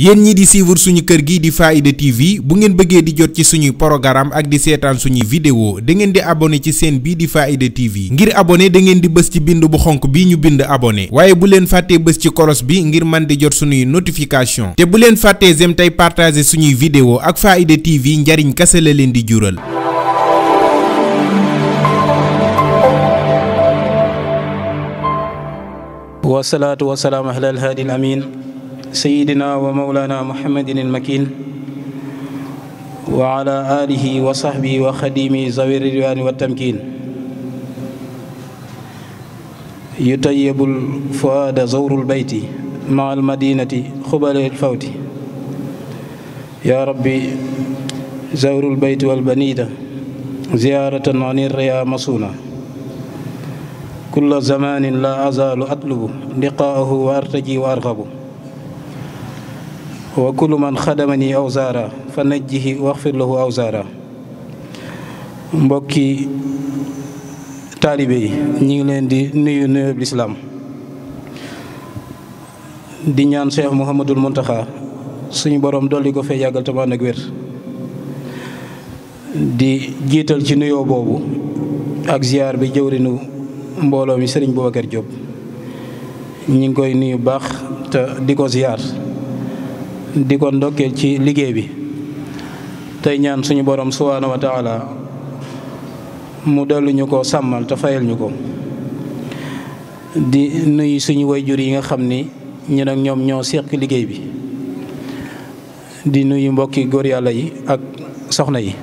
yéen ñi di suivre suñu kër gi di Faaida TV bu ngeen bëggee di jot ci suñuy programme ak di seetaan suñuy vidéo da ngeen di abonné ci seen bii di Faaida TV ngir abonné da ngeen di bës ci bind bu xonk bi ñu bind abonné waaye bu leen fàttee bës ci kolos bi ngir man di jot suñuy notification te bu leen fàttee zem tey partager suñuy vidéo ak Faaida TV njariñ kase la leen di jural wasalaatu wasalaam سيدنا ومولانا محمد المكين وعلى آله وصحبه وخديمه ذوي الرضوان والتمكين يطيب الفؤاد زور البيت مع المدينة خبل الفوت يا ربي زور البيت والبنيدة زيارة عن الرياء مصونة كل زمان لا أزال أطلب لقاءه وأرتجي وأرغب wa kullu xadamani aw zaara fa najjihi wax lahu aw zaara mbokki taalibe yi ñu ngi leen di nuyu nuyoob lislaam di ñaan cheikh mouhamadul muntaxa suñu borom dolli ko fee yàggal tamaan ak wér di jiital ci nuyoo boobu ak ziar bi jëwrinu mbooloo mi sëriñ Boubacar Diop ñu ngi koy nuyu baax te di ko ziar di ko ndokkeel ci liggéey bi tey ñaan suñu borom subhaanahu wa taala mu dellu ko sàmmal te fayal ñu ko di nuyu suñu wayjur yi nga xam ni ñun ak ñoom ñoo seq liggéey bi di nuyu mbokki góor yàlla yi ak soxna yi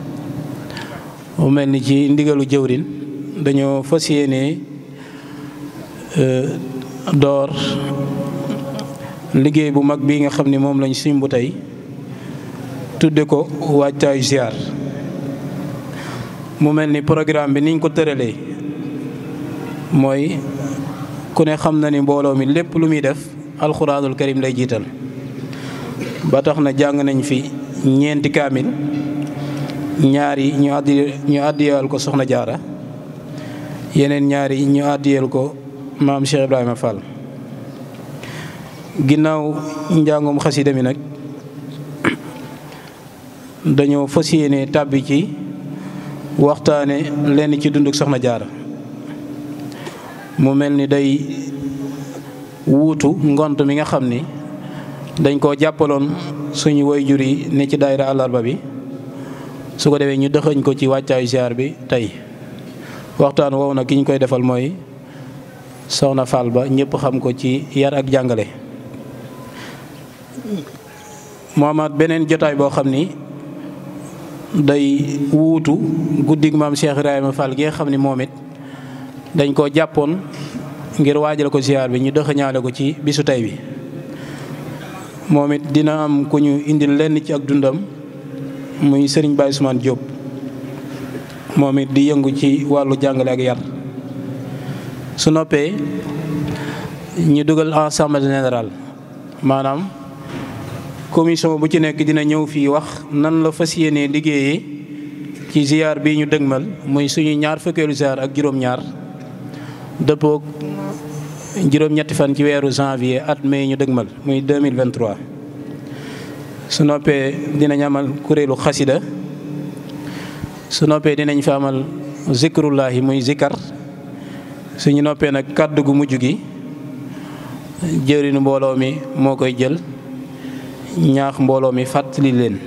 mu mel ni ci ndigalu jëwrin dañoo fas yéene euh, door liggéey bu mag bii nga xam ni moom lañu lañ bu tey tudde ko waajtaayu ziar mu mel ni programme bi niñ ko tëralee mooy ku ne xam na ni mbooloo mi lépp lu muy def alxuraanul karim lay jiital ba tax na jàng nañ fi ñeenti kaamil ñaari yi ñu addi ko soxna jaara yeneen ñaar yi ñu addiyal ko maam Cheikh Ibrahima Fall ginnaaw njàngum xasida mi nag dañoo fas yéene tàbbi ci waxtaane lenn ci dunduk soxna jaara mu mel ni day wuutu ngont mi nga xam ni dañ koo jàppaloon suñu wayjur yi ne ci daayira àllarba bi su ko defee ñu dëxëñ ko ci wàccaayu ziar bi tey waxtaan woow na kiñ koy defal mooy soxna Fall ba ñëpp xam ko ci yar ak jàngale mu amaat beneen jotaay boo xam ni day wuutu guddig maam Cheikh Ibrahima Fall gi nga xam ni moom it dañ koo jàppoon ngir waajal ko ziar bi ñu doxañaale ko ci bisu tey bi moom it dina am ku ñu lenn ci ak dundam muy sëriñ Baye Ousmane moom it di yëngu ci wàllu jàngale ak yar su noppee ñu dugal assemblée générale maanaam commission bu ci nekk dina ñëw fii wax nan la fas yéenee liggéeyee ci ziar bii ñu dëgmal muy suñu ñaar fukkeelu ziar ak juróom-ñaar dëppoog juróom-ñetti fan ci weeru janvier at mai ñu dëgmal muy 2023. su noppee dinañ amal kuréelu xasida su noppee dinañ fi amal zikrullahi muy zikar suñu noppee nag kàddu gu mujj gi jërinu mbooloo mi moo koy jël. ñaax mbooloo mi fàttali leen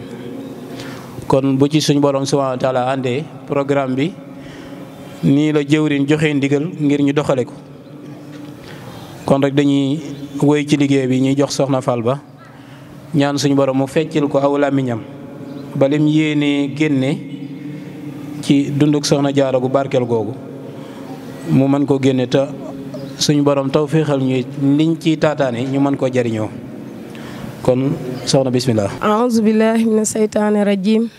kon bu ci suñu borom subhanahu wa taala àndee programme bi nii la jëwriñ joxe ndigal ngir ñu doxale ko kon rek dañuy woy ci liggéey bi ñuy jox soxna Fall ba ñaan suñu borom mu feccil ko aw làmmiñam ba lim yéenee génne ci dunduk soxna jaara gu barkeel googu mu mën ko génne te suñu borom tawféexal ñuy liñ ciy taataane ñu mën ko jariñoo kon soxna bisimilah. aouzu billahi mina seytaani rajim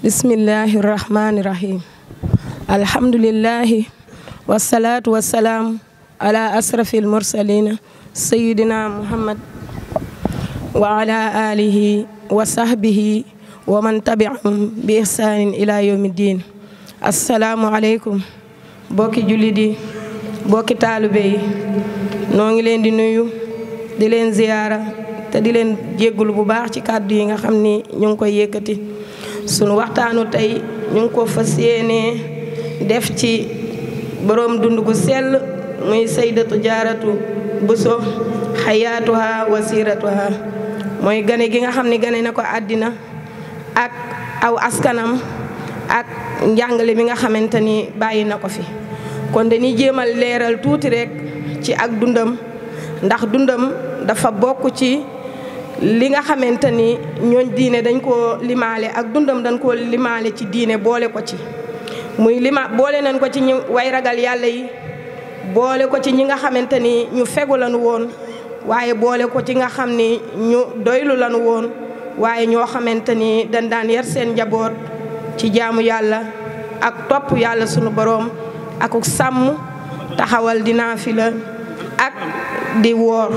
bismillahi rahmaani rahim alhamdulilahi wasalaatu wasalaam ala asrafil mursalina sayidina muhammad wa ala alihi wa sahbihi wa man tabiahum bi ihsaanin ila yawmi diin assalaamu aleykum bokki jullit yi bokki taalibe yi noo ngi leen di nuyu di leen ziyaara te di leen jéggul bu baax ci kàddu yi nga xam ni ñu ngi koy yëkkati suñu waxtaanu tey ñu ngi ko fas yéenee def ci boroom dund gu sell muy saydatu jaaratu buso xayaatuha wasiratuha mooy gane gi nga xam ni gane na ko àddina ak aw askanam ak njàngale mi nga xamante ni bàyyi na ko fi kon dañuy jéemal leeral tuuti rekk ci ak dundam ndax dundam dafa bokk ci li nga xamante ni ñooñ diine dañ koo limaale ak dundam dañ koo limaale ci diine boole ko ci muy lima boole nañ ko ci ñu way ragal yàlla yi boole ko ci ñi nga xamante ni ñu fegu lañu woon waaye boole ko ci nga xam ni ñu doylu lañu woon waaye ñoo xamante ni dañ daan yar seen njaboot ci jaamu yàlla ak topp yàlla sunu boroom akuk sàmm taxawal dinaa fi la ak di woor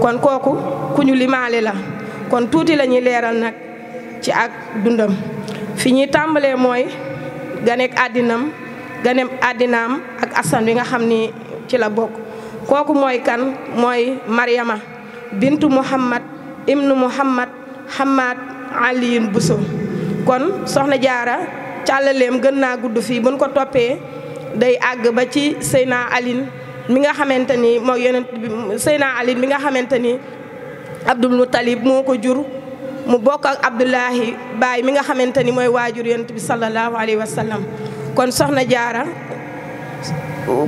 kon kooku ku ñu limaale la kon tuuti la ñuy leeral nag ci ak dundam fi ñuy tàmbalee mooy ganeek àddinam ganeem àddinaam ak askan wi nga xam ni ci la bokk kooku mooy kan mooy Mariama bintu Muhammad ibnu Muhammad Hamad Aliyin Buso kon soxna jaara càllaleem gën naa gudd fii buñ ko toppee day àgg ba ci Seyna Alin mi nga xamante ni mooy yonent bi Seyna Ali mi nga xamante ni Abdul Muttalib moo ko jur mu bokk ak Abdullahi Baay mi nga xamante ni mooy waajur yonent bi sallallahu alayhi wa sallam kon soxna jaara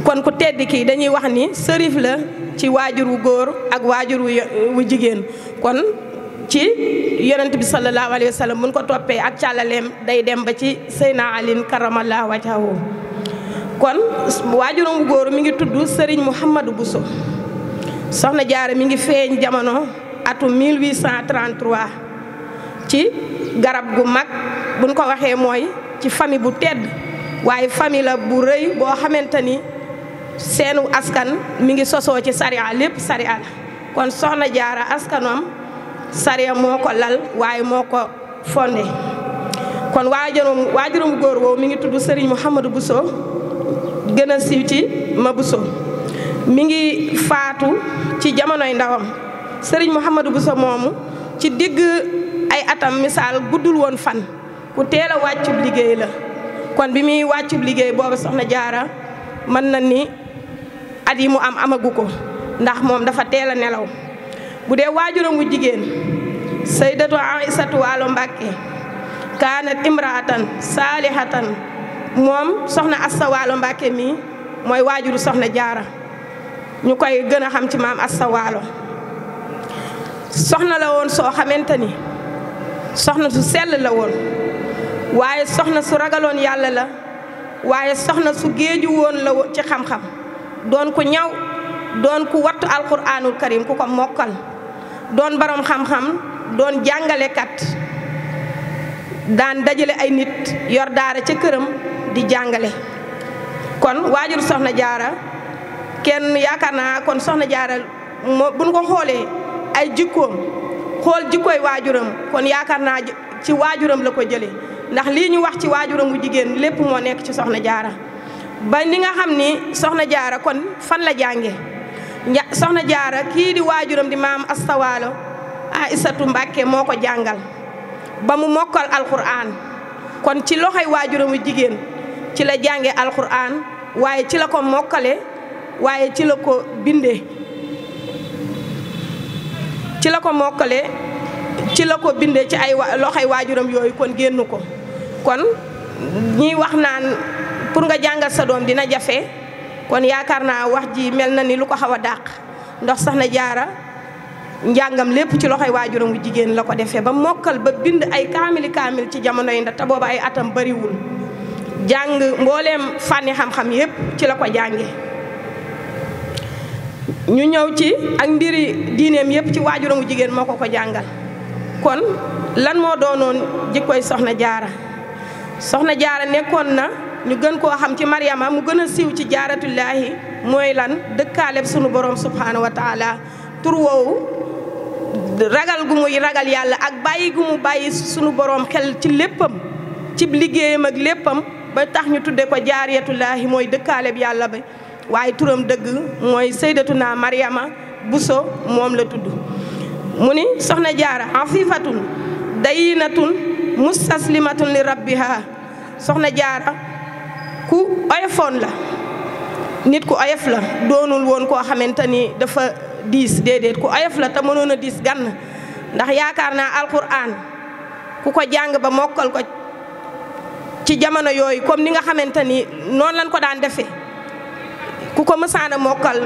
kon ku tedd kii dañuy wax ni sërif ci waajur wu góor ak waajur wu jigéen kon ci yonent bi sallallahu alayhi wa sallam buñ ko toppee ak càllaleem day dem ba ci Seyna Ali karamallahu wajhahu kon waajuram bu góor mi ngi tudd Serigne bu Bousso soxna jaara mi ngi feeñ jamono atum 1833 ci garab gu mag buñ ko waxee mooy ci famille bu tedd waaye famille la bu rëy boo xamante ni seenu askan mi ngi sosoo ci sariya lépp sariya kon soxna jaara askanoom sariya moo ko lal waaye moo ko fonde kon waajuram waajuram góor woowu mi ngi tudd Serigne bu Bousso gën a siiw ci Mabousso mi ngi faatu ci jamonoy ndawam sëriñ Mouhamadou Bousso moomu ci digg ay atam misaal guddul woon fan ku teel a wàccub liggéey la kon bi muy wàccub liggéey boobu soxna jaara mën na ni at yi mu am amagu ko ndax moom dafa teel a nelaw bu dee waajuram wu jigéen saydatu aïsatu waalo mbàkke kaanat imraatan saalihatan moom soxna Asta Waalo Mbàkke mii mooy waajuru soxna jaara ñu koy gën a xam ci maam Asta Waalo soxna la woon soo xamante ni soxna su sell la woon waaye soxna su ragaloon yàlla la waaye soxna su géeju woon la ci xam-xam doon ku ñaw doon ku wattu alquranul karim ku ko mokkal doon baroom xam-xam doon kat daan dajale ay nit yor daara ca këram di jàngale kon waajur soxna jaara kenn yaakaar naa kon soxna jaara moo buñ ko xoolee ay jikkoom xool jikkooy waajuram kon yaakaar naa ci waajuram la ko jëlee ndax lii ñu wax ci waajuram wu jigéen lépp moo nekk ci soxna jaara ba ni nga xam ni soxna jaara kon fan la jànge soxna jaara kii di waajuram di maam astawaalo ah isatu mbàkke moo ko jàngal ba mu mokkal alquran kon ci loxoy waajuram wu jigéen ci la jànge alxuraan waaye ci la ko mokkale waaye ci la ko bindee ci la ko mokkale ci la ko bindee ci ay loxoy waajuram yooyu kon génn ko kon ñiy wax naan pour nga jàngal sa doom dina jafe kon yaakaar naa wax ji mel na ni lu ko xaw a dàq ndax sax na jaara njàngam lépp ci loxo loxoy waajuram wu jigéen la ko defee ba mokkal ba bind ay kaamili kaamil ci jamono yi ndax te booba ay atam bariwul jàng mbooleem fànni xam-xam yépp ci la ko jànge ñu ñëw ci ak mbiri diineem yépp ci waajuramu jigéen moo ko ko jàngal kon lan moo doonoon jikkoy soxna jaara soxna jaara nekkoon na ñu gën koo xam ci Mariama mu gën a siiw ci jaaratullaahi mooy lan dëkkaaleb sunu borom subhaanahu wa taala tur woowu ragal gu muy ragal yàlla ak bàyyi gu mu bàyyi sunu boroom xel ci léppam ci liggéeyam ak léppam ba tax ñu tudde ko jaariyatullaahi mooy dëkkaale dëkkaaleb yàlla bi waaye turam dëgg mooy saydatuna mariama buso moom la tudd mu ni soxna jaara mu sas limatul li rabbiha soxna jaara ku oyofoon la nit ku oyof la doonul woon koo xamante ni dafa diis déedéet ku oyof la te mënoon a diis gann ndax yaakaar naa alquran ku ko jàng ba mokkal ko ci jamono yooyu comme ni nga xamante ni noonu lañ ko daan defe ku ko mësaana mokkal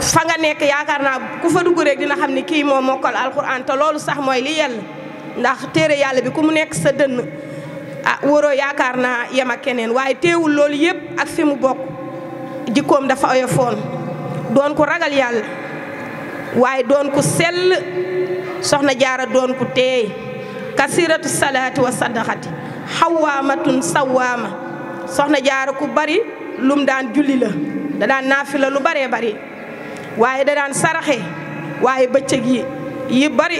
fa nga nekk yaakaar naa ku fa dugg rek dina xam ni kii moo mokkal alxuraan te loolu sax mooy li yell ndax téere yàlla bi ku mu nekk sa dënn a ah, wóoroo yaakaar naa yem ak keneen waaye teewul loolu yëpp ak fi mu bokk jikkoom dafa oyofoon doon ku ragal yàlla waaye doon ko sell soxna jaara doon ko teey kasiratu salaati wa saddaxati xawaamatun sawaama soxna jaara ku bari lum daan julli la da daan la lu baree bari waaye da daan saraxe waaye bëccëg yi yi bari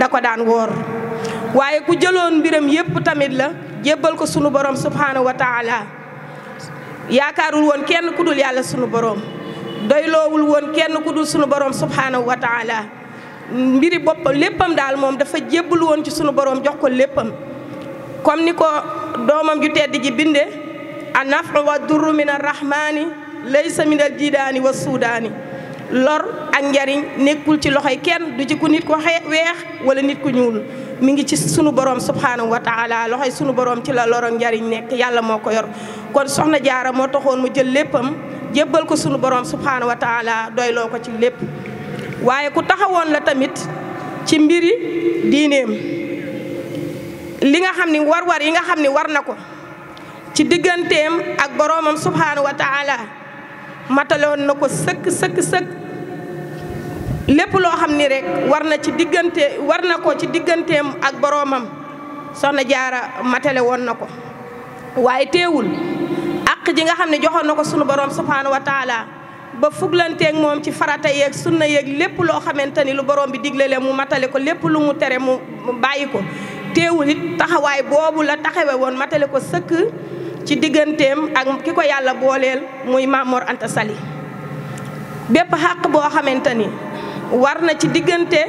da ko daan woor waaye ku jëloon mbiram yépp tamit la jébbal ko sunu borom subhaanahu wa taala yaakaarul woon kenn ku dul yàlla sunu borom doyloowul woon kenn ku dul sunu borom subhaanahu wa taala mbiri boppam léppam daal moom dafa jébbal woon ci sunu borom jox ko léppam comme ni ko doomam ju tedd ji binde a nafru wa durru min arrahmaani laysa min al wa suudaani lor ak njariñ nekkul ci loxoy kenn du ci ku nit ko weex wala nit ku ñuul mu ngi ci sunu borom subhanahu wa taala sunu borom ci la lor njariñ nekk yàlla moo ko yor kon soxna jaara moo taxoon mu jël léppam jébbal ko sunu borom subhanahu wa taala doyloo ko ci lépp waaye ku taxawoon la tamit ci mbiri diineem li nga xam ni war-war yi nga xam ni war na ko ci digganteem ak boroomam subhaanahu wa taala mataloon na ko sëkk sëkk sëkk lépp loo xam ni rek war na ci diggante war na ko ci digganteem ak boroomam soxna jaara matale woon na ko waaye teewul àq ji nga xam ne joxoon na ko sunu boroom subhaanahu wa taala ba fuglanteek moom ci farata yeeg na yeeg lépp loo xamante ni lu boroom bi digle leen mu matale ko lépp lu mu tere mu bàyyi ko teewul it taxawaay boobu la taxawe woon matale ko sëkk ci digganteem ak ki ko yàlla booleel muy Mamor Anta Sali bépp xàq boo xamante ni war na ci diggante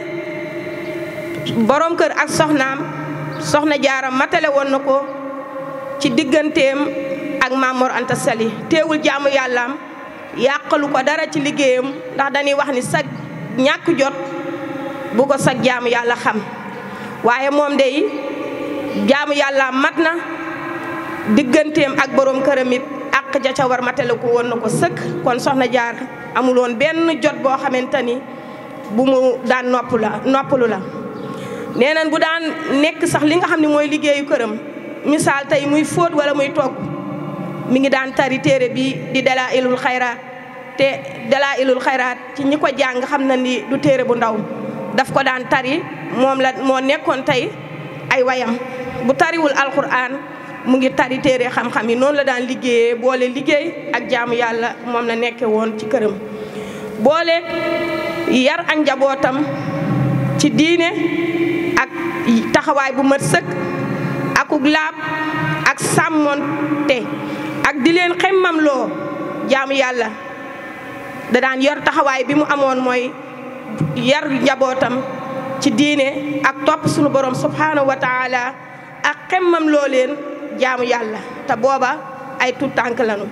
borom kër ak soxnaam soxna jaara matale woon na ko ci digganteem ak Mamor Anta Sali teewul jaamu yàllaam yàqalu ko dara ci liggéeyam ndax dañuy wax ni sag ñàkk jot bu ko sag jaamu yàlla xam waaye moom day jaamu yàlla mat na digganteem ak borom këram it ak ja ca war matale ko woon na ko sëkk kon soxna jaar amuloon benn jot boo xamante ni bu mu daan nopp noppalu la nee nañ bu daan nekk sax li nga xam ni mooy liggéeyu këram misaal tey muy fóot wala muy togg mu ngi daan tari téere bi di dala ilul xayraat te dala ilul xayraat ci ñi ko jàng xam na ni du téere bu ndaw daf ko daan tari moom la moo nekkoon tey ay wayam bu tariwul alquran mu ngi tari téere xam-xam yi noonu la daan liggéeyee boole liggéey ak jaamu yàlla moom la nekke woon ci këram boole yar ak njabootam ci diine ak taxawaay bu mat sëkk akuk laab ak te ak di leen xemmam loo jaamu yàlla da daan yor taxawaay bi mu amoon mooy yar njabootam ci diine ak topp sunu borom subhaanahu wa taala ak xemmam looleen jaamu yàlla te booba ay tuut tànk lanu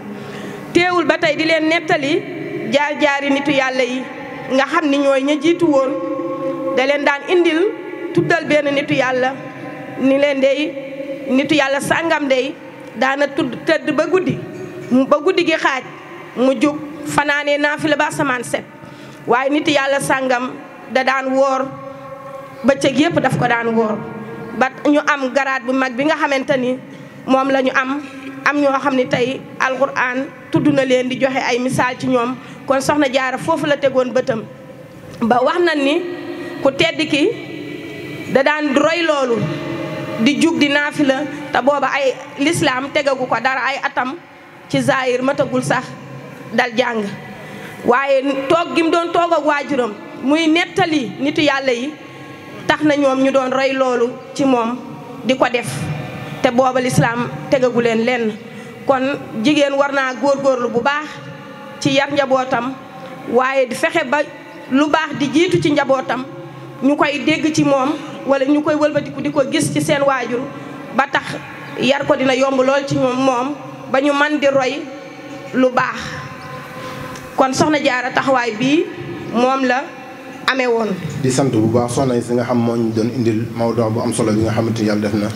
teewul ba tey di leen nettali jaar jaari nitu yàlla yi nga xam ni ñooy ña jiitu woon da leen daan indil tuddal benn nitu yàlla ni leen day nitu yàlla sàngam day daana tudd tëdd ba guddi ba guddi gi xaaj mu jug fanaanee naafila ba asamaan set waaye nit yàlla sàngam da daan woor bëccëg yépp daf ko daan woor ba ñu am garaat bu mag bi nga xamante ni moom lañu am am ñoo xam ni tey alxuraan tudd na leen di joxe ay misaal ci ñoom kon soxna jaara foofu la tegoon bëtam ba wax na ni ku tedd ki da daan roy loolu di jug di naafi la te booba ay lislaam tegagu ko dara ay atam ci zaayir matagul sax dal jàng waaye toog gim doon tooga waajuram muy nettali nitu yàlla yi tax na ñoom ñu doon roy loolu ci moom di ko def te booba lislaam tegagu leen lenn kon jigéen war naa góor góorlu bu baax ci yar njabootam waaye di fexe ba lu baax di jiitu ci njabootam ñu koy dégg ci moom wala ñu koy wëlbatiku di ko gis ci seen waajur ba tax yar ko dina yomb lool ci moom ba ñu man di roy lu baax kon soxna a taxawaay bii moom la amee woon. di sant bu baax soxna yi si nga xam moo ñu doon indil Maodo bu am solo bi nga xamante ni yàlla def na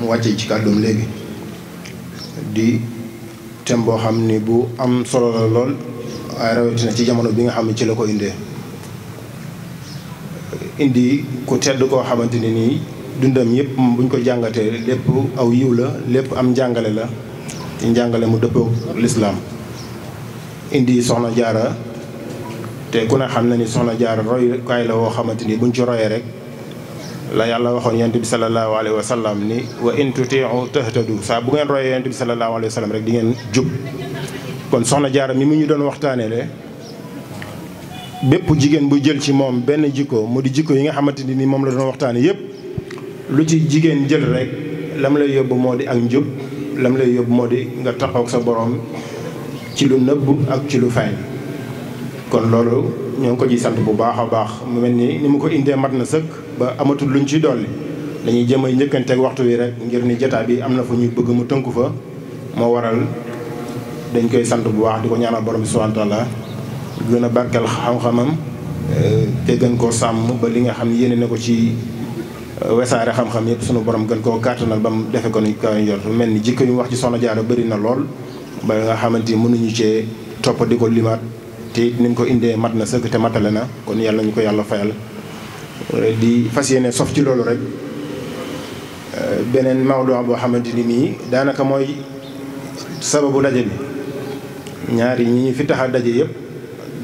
mu wàccee ci kàddoom léegi di tem boo xam ni bu am solo la lool waaye rawatina ci jamono bi nga xam ne ci la ko indee indi ku tedd koo xamante ni nii dundam yëpp bu ñu ko jàngatee lépp aw yiw la lépp am njàngale la ci njàngale mu dëppoo lislaam indi soxna jaara te ku ne xam na ni soxna jaara royukaay la woo xamante ni buñ ci royee rek la yàlla waxoon yonent bi salallaahu alayhi wa sallam ni wa in tutiiu tahtadu saa bu ngeen royee yonent bi salallaahu alayhi wa sallam rek di ngeen jub kon soxna jaara mi mu ñu doon waxtaaneele bépp jigéen bu jël ci moom benn jikko mu di jikko yi nga xamante ni moom la doon waxtaane yépp lu ci jigéen jël rek lam lay yóbbu moo di ak njub lam lay yóbbu moo di nga taxaw ak sa borom ci lu nëbb ak ci lu feeñ kon loolu ñoo ngi ko ciy sant bu baax a baax mu mel ni ni mu ko indee mat na sëkk ba amatul luñ ci dolli dañuy jëm ay njëkkanteeg waxtu wi rek ngir ni jataa bi am na fu ñu bëgg mu tënku fa moo waral dañ koy sant bu baax di ko ñaanal borom bi subhanahu wa gën a barkeel xam-xamam eh, gën koo sàmm ba li nga xam ne ko ci eh, wesaare xam-xam yëpp sunu borom gën koo kàttanal ba mu defe ko ni kaw yor mel ni jikko ñu wax ci soxna Jaara bëri na lool ba nga xamante ni mënuñu cee topp di ko limaat te it ni ko indee mat na sëkk te matale na kon yàlla nañu ko yàlla fayal euh, di fas yéene sof ci loolu rek euh, beneen mawdu boo xamante ni nii daanaka mooy sababu daje bi ñaari ñi ñu fi taxa a daje yëpp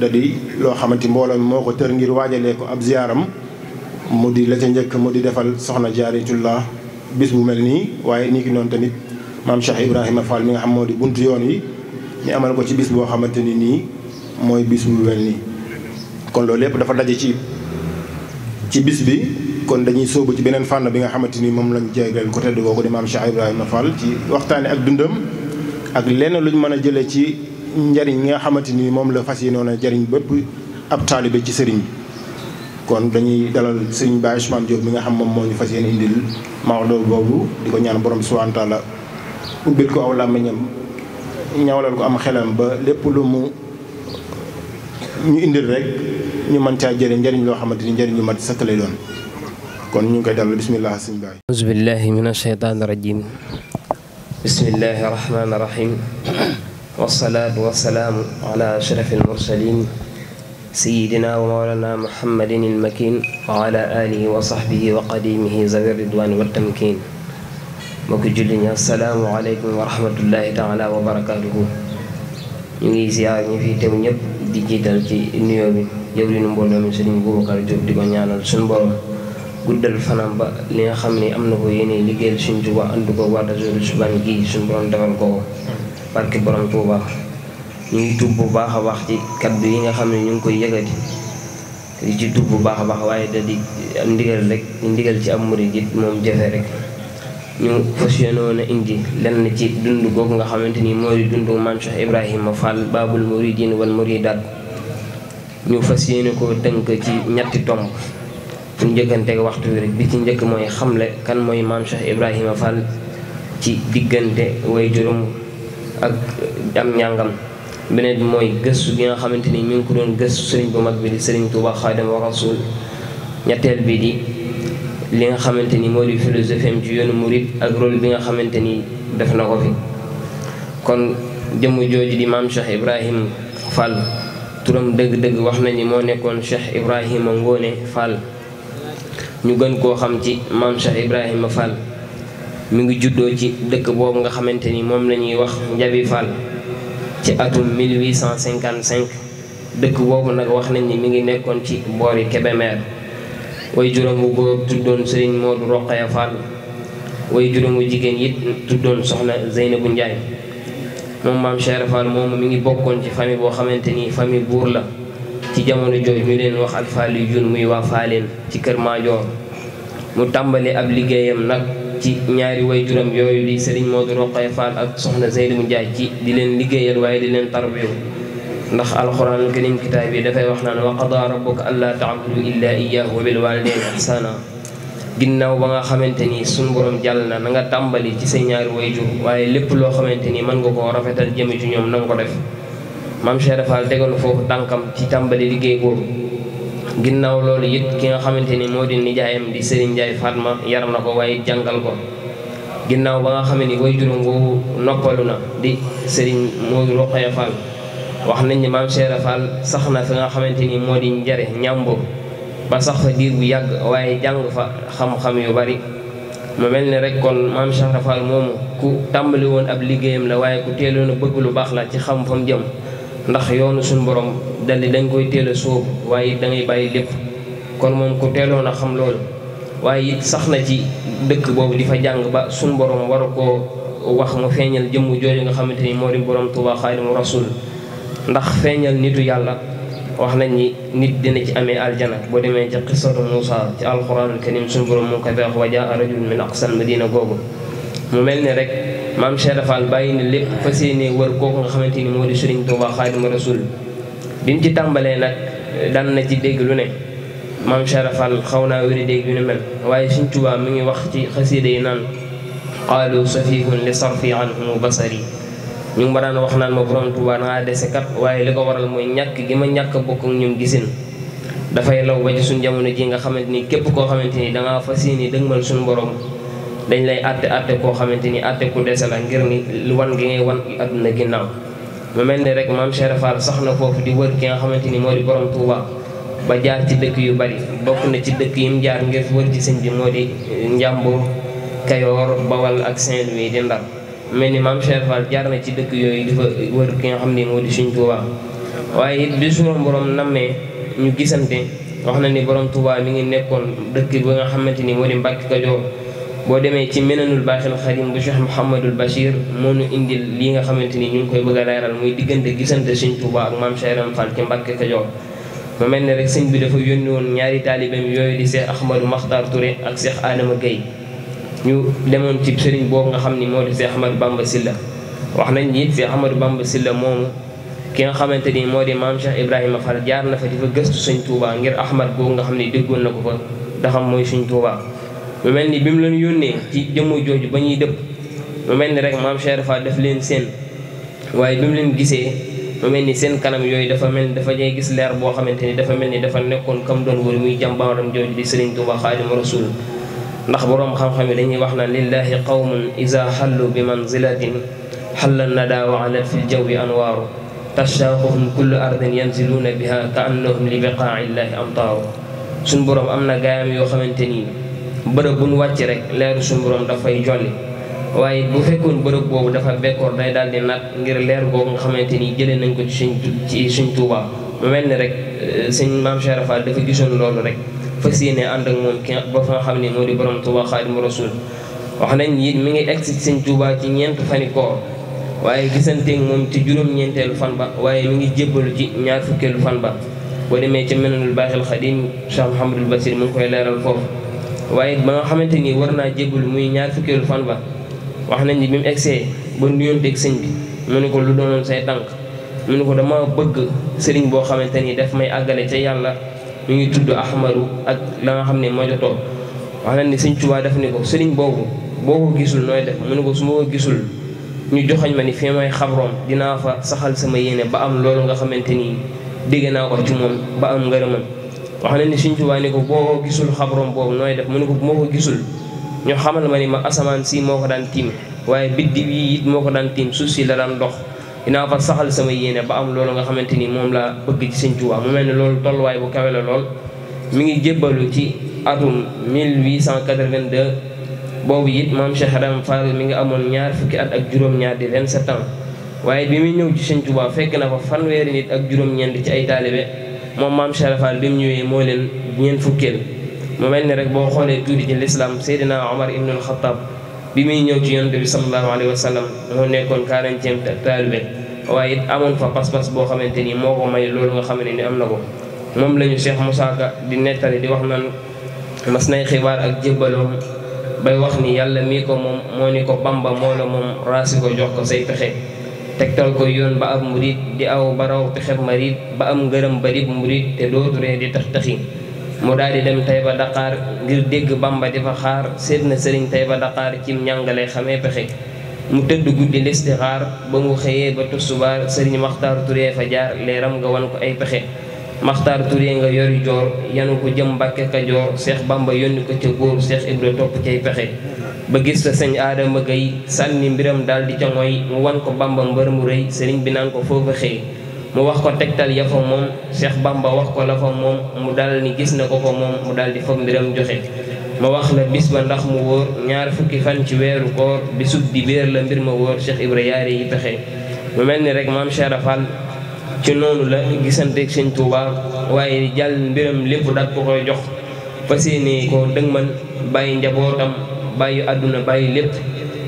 da loo xamante mbooloo moo ko tër ngir waajale ko ab ziyaaram mu di la ca njëkk mu di defal soxna jaaritullaa bis bu mel nii waaye nii ki noonu tamit maam Cheikh Ibrahima Fall mi nga xam moo di buntu yoon yi ñu amal ko ci bis boo xamante ni nii mooy bis bu wel nii kon loolu lépp dafa daje ci ci bis bi kon dañuy soobu ci beneen fànn bi nga xamante ni moom lañ jagleel ko tedd googu di maam Cheikh Ibrahima Fall ci waxtaane ak dundam ak lenn luñ mën a jëlee ci njariñ nga xamante ni moom la fas yéenoon a jariñ bépp ab taalibe ci sëriñ bi kon dañuy dalal sëriñ Baye Ousmane Diop mi nga xam moom moo ñu fas yéen indil Maodo boobu di ko ñaan borom subhaanahu ubbil ko aw làmmiñam ñawlal ko am xelam ba lépp lu mu ñu indil rek ñu mën caa jëriñ njëriñ loo xamante ni njëriñ lu mat sëkk lay doon kon ñu ngi koy dalal bisimilah sëñ baay auzu billahi min asheytaan rajim bismillahi rahmaani rahim wasalaatu wasalaamu wa mawlana wa ala alihi wa wa tamkin mbokki julli ñi asalaamualeykum wa rahmatullahi taala wa barakaatuhu ñu ngi ziar ñu fi teew ñëpp di jiital ci nuyoo bi jëwriñu nu mi sëriñ Boubacar Diop di ko ñaanal suñu borom guddal fanam ba li nga xam ne am na ko yéene liggéeyal suñ Tuuba ànd ko waa Daaru gi suñu borom defal ko barke borom Tuuba ñu ngi tuub bu baax a baax ci bi yi nga xam ne ñu ngi koy yëgati di ci tuub bu baax a baax waaye da di am ndigal rek ndigal ci am murid it moom jafe rek ñu fas yéene woon a indi lenn ci dund googu nga xamante ni mooy dundu maam Cheikh Ibrahima Fall baabul muridin wal muridaat ñu fas yéene ko tënk ci ñetti tomb ñu njëkkante waxtu wi rek bi ci njëkk mooy xamle kan mooy maam Cheikh Ibrahima ci diggante way juróom ak am njàngam beneen bi mooy gëstu gi nga xamante ni ñu ngi ko doon gëstu sëriñ bu mag bi di sëriñ Tuuba Xaadimu Rasuul ñetteel bi di li nga xamante ni moo di philosophie am ci yoonu murit ak rôle bi nga xamante ni def na ko fi kon jëmm jooju di maam Cheikh Ibrahim Fall turam dëgg-dëgg wax na ni moo nekkoon Cheikh Ibrahima Ngoone Fall ñu gën koo xam ci maam Cheikh Ibrahima Fall mu ngi juddoo ci dëkk boobu nga xamante ni moom la ñuy wax Njabi Fall ci atum 1855 dëkk boobu nag wax nañ ni mi ngi nekkoon ci boori Kébémer way juróom bu góor tuddoon Serigne Modou Rokhaya Fall way juróom bu jigéen it tuddoon soxna Zeynabu Njaay moom maam Cheikh Fall moomu mi ngi bokkoon ci famille boo xamante ni famille buur la ci jamono jooju ñu leen wax ak yu jun muy waa Faaleen ci kër Maajoor mu tàmbali ab liggéeyam nag ci ñaari way juróom yooyu di Serigne Modou Rokhaya Fall ak soxna Zeynabu Njaay ci di leen liggéeyal waaye di leen tarbiyu ndax alxuraanul karim kitaab yi dafay wax naan wa qadaa rabbuka allaa taabudu illaa iyyaahu wa bil waalidayni ihsaana ginnaaw ba nga xamante ni suñu borom jàll na na nga tàmbali ci say ñaari wayjur waaye lépp loo xamante ni mën nga koo rafetal jëme ci ñoom na ko def maam Cheikh Fall tegoon foofu tànkam ci tàmbali liggéey boobu ginnaaw loolu it ki nga xamante ni moo di nijaayam di Serigne Ndiaye Fatma yaram na ko waaye jàngal ko ginnaaw ba nga xam ni wayjur woowu noppalu na di Serigne moo wax nañ ne maam Cheikh sax na fi nga xamante ni moo di njare ñàmbo ba sax fa diir bu yàgg waaye jàng fa xam-xam yu bari mu mel ni rek kon maam Cheikh ku tàmbali woon ab liggéeyam la waaye ku teeloon a lu baax la ci xam fa mu ndax yoonu suñu borom daldi dañ koy teel a sóobu waaye da ngay bàyyi kon moom ku teeloon a xam loolu waaye it sax na ci dëkk boobu di fa jàng ba suñu borom war koo wax mu feeñal jëmm jooju nga xamante ni moo di borom Tuubaa Xaadimu Rasuul ndax feeñal nitu yàlla wax nañ ni nit dina ci amee aljana boo demee ci qisatu Muusa ci alquranul karim suñu borom mu ngi koy wax wa jaa rajulun madina googu mu mel ni rek maam Cheikh Fall bàyyi ni lépp fas yéene wër kooku nga xamante ni moo di Sëriñ Tuubaa Xaadimu Rasuul bi mu ci tàmbalee nag daan na ci dégg lu ne maam Cheikh xaw naa wéri dégg yu ne mel waaye Sëriñ Tuubaa mu ngi wax ci xasiida yi naan qaalu safihun li sarfi anhumu basari ñu ngi ma daan wax naan ma borom Tuubaa dangaa dese kat waaye li ko waral mooy ñàkk gi ma ñàkk bokk ak ñoom gisin dafay law ba ci suñ jamono ji nga xamante ni képp koo xamante ni dangaa fas yéene dëgmal suñu borom dañ lay àtte àtte koo xamante ni àtte ku dese ngir ni wan gi ngay wan ginnaaw mu mel ni rek maam Cheikh sax na foofu di wër ki nga xamante ni moo di borom Tuubaa ba jaar ci dëkk yu bari bokk na ci dëkk yim jaar ngir wër ci sëñ moo di Njàmbur Kayoor Bawal ak Saint-Louis di Ndar mel ni maam Cheikh Fall jaar na ci dëkk yooyu di fa wër ki nga xam ne moo di suñ Tuubaa waaye it bi suñu borom nammee ñu gisante wax na ni borom Tuubaa mi ngi nekkoon dëkk bi nga xamante ni moo di Mbàkke Kajoor boo demee ci menanul baaxil xadim bu Cheikh Mouhamadul Bachir moo nu indil lii nga xamante ni ñu ngi koy bëgg a leeral muy diggante gisante suñ Tuubaa ak maam Cheikh Fall ci Mbàkke Kajoor ba mel ne rek sëñ bi dafa yónni woon ñaari taalibeem yooyu di Cheikh Ahmadou Makhtar Touré ak Cheikh Adama Gueye ñu demoon ci sëriñ boobu nga xam ni moo di Cheikh Ahmadou Bamba Sylla wax nañ ni it Cheikh Ahmadou Bamba Sylla moomu ki nga xamante ni moo di maam Cheikh Ibrahima Fall jaar na fa di fa gëstu sëñ Touba ngir Ahmad boobu nga xam ni déggoon na ko fa daxam mooy suñu Touba. mu mel ni bi mu leen yónnee ci jëmmu jooju ba ñuy dëpp mu mel ni rek maam Cheikh Fall def leen seen waaye bi mu leen gisee mu mel ni seen kanam yooyu dafa mel ni dafa ñuy gis leer boo xamante ni dafa mel ni dafa nekkoon kam doon wër muy jàmbaaram jooju di sëriñ Touba Xaadimu Rasuul ndax boroom xam-xam yi dañuy wax na lillahi qawmun isa xallu bi manzilatin xalla nada wa alat fi ljawi anwaaru tashaaquhum kullu ardin yanziluuna biha ka annahum li biqaa illahi amtaaru suñ boroom am na gaayam yoo xamante nii bërëb buñ wàcc rek leeru suñ boroom dafay jolli waaye bu fekkoon bërëb boobu dafa bekkoor day daal di nat ngir leer boobu nga xamante nii jëlee nañ ko ci suñ ci suñ tuubaa mu mel ni rek eh, suñ maam Cheikh Fall dafa gisoon loolu rek fas yéene ànd ak moom ki ba fa nga xam ne moo di borom Tuubaa Xaadimu Rasuul wax nañ it mi ngi egg si sëñ Tuubaa ci ñeent fani koor waaye gisanteeg moom ci juróom-ñeenteelu fan ba waaye mi ngi jébbalu ci ñaar fukkeelu fan ba boo demee ca menanul baaxil xadim Cheikh Mouhamadul Basir mu ngi koy leeral foofu waaye ba nga xamante ni war naa jébbalu muy ñaar fukkeelu fan wax nañ ni bi mu egsee ba nuyoon nuyoonteeg sëñ bi mu ne ko lu doonoon say tànk mu ne ko dama bëgg sëriñ boo xamante ni daf may àggale ca yàlla mi ngi tudd ahmaru ak la nga xam ne mooy la toog wax na ni sëñ Tuubaa def ni ko sëriñ boobu boo ko gisul nooy def mu ne ko su ma ko gisul ñu joxañ ma ni fii may xabroom dinaa fa saxal sama yéene ba am loolu nga xamante ni dégg naa ko ci moom ba am ngërëmam wax na ni sëñ Tuubaa ni ko boo ko gisul boobu nooy def mu ne ko bu ma gisul ñu xamal ma ni ma asamaan si moo ko daan tiim waaye biddiw yi it moo ko daan tiim suuf si la daan dox dinaa fa saxal sama yéene ba am loolu nga xamante ni moom laa bëgg ci sëñ mu mel ne loolu tolluwaay bu kawe la lool mi ngi jébbalu ci atum 1882 boobu it maam Cheikh Adam Fall mi ngi amoon ñaar fukki at ak juróom-ñaar di 27 ans waaye bi muy ñëw ci sëñ Tuubaa fekk na fa fanweeri nit ak juróom-ñeent ci ay taalibe moom maam Cheikh Adam Fall bi mu ñëwee moo leen ñeent fukkeel mu mel ni rek boo xoolee tuuti ci lislaam Seydina Omar ibnul Xattaab bi muy ñëw ci yonent bi sallallahu alayhi wa sallam dafa nekkoon quarantième taalibe waaye it amoon fa pas-pas boo xamante ni moo ko may loolu nga xam ne ni am na ko moom la seex Cheikh Moussa di nettali di wax naan mas nay xibaar ak jébbaloom bay wax ni yàlla mii ko moom moo ni ko bamba moo la moom raasi ko jox ko say pexe tegtal ko yoon ba ab murid di aw baraw pexe marid ba am ngërëm barib murid te dooturee di tax taxi mu daal di dem ba Dakar ngir dégg Bamba di fa xaar seet na sëriñ Tayba Dakar cim njàngale xamee pexe mu tëdd guddi listixaar ba mu xëyee ba tusubaar sëriñ Maxtaar Touré fa jaar leeram nga wan ko ay pexe Maxtaar Touré nga yori joor yanu ko jëm Mbàkke Kajoor Seex Bamba yónni ko ca góor Seex Ibra topp cay pexe ba gis fa sëñ Aadama Gay ni mbiram daal di ca mooy mu wan ko Bamba mbër mu rëy sëriñ bi naan ko foofa xëy mu wax ko tegtal ya fa moom Cheikh Bamba wax ko la fa moom mu dal ni gis na ko fa moom mu dal di fa mbiram joxe ma wax la bis ba ndax mu wóor ñaar fukki fan ci weeru koor bi sub di la mbir ma wóor Cheikh Ibra yaare yi pexe mu mel ni rek maam Cheikh fan ci noonu la gisante sëñ Touba waaye jàll mbiram lépp daal ko koy jox fas yéene ko dëgg man bàyyi njabootam bàyyi àdduna bàyyi lépp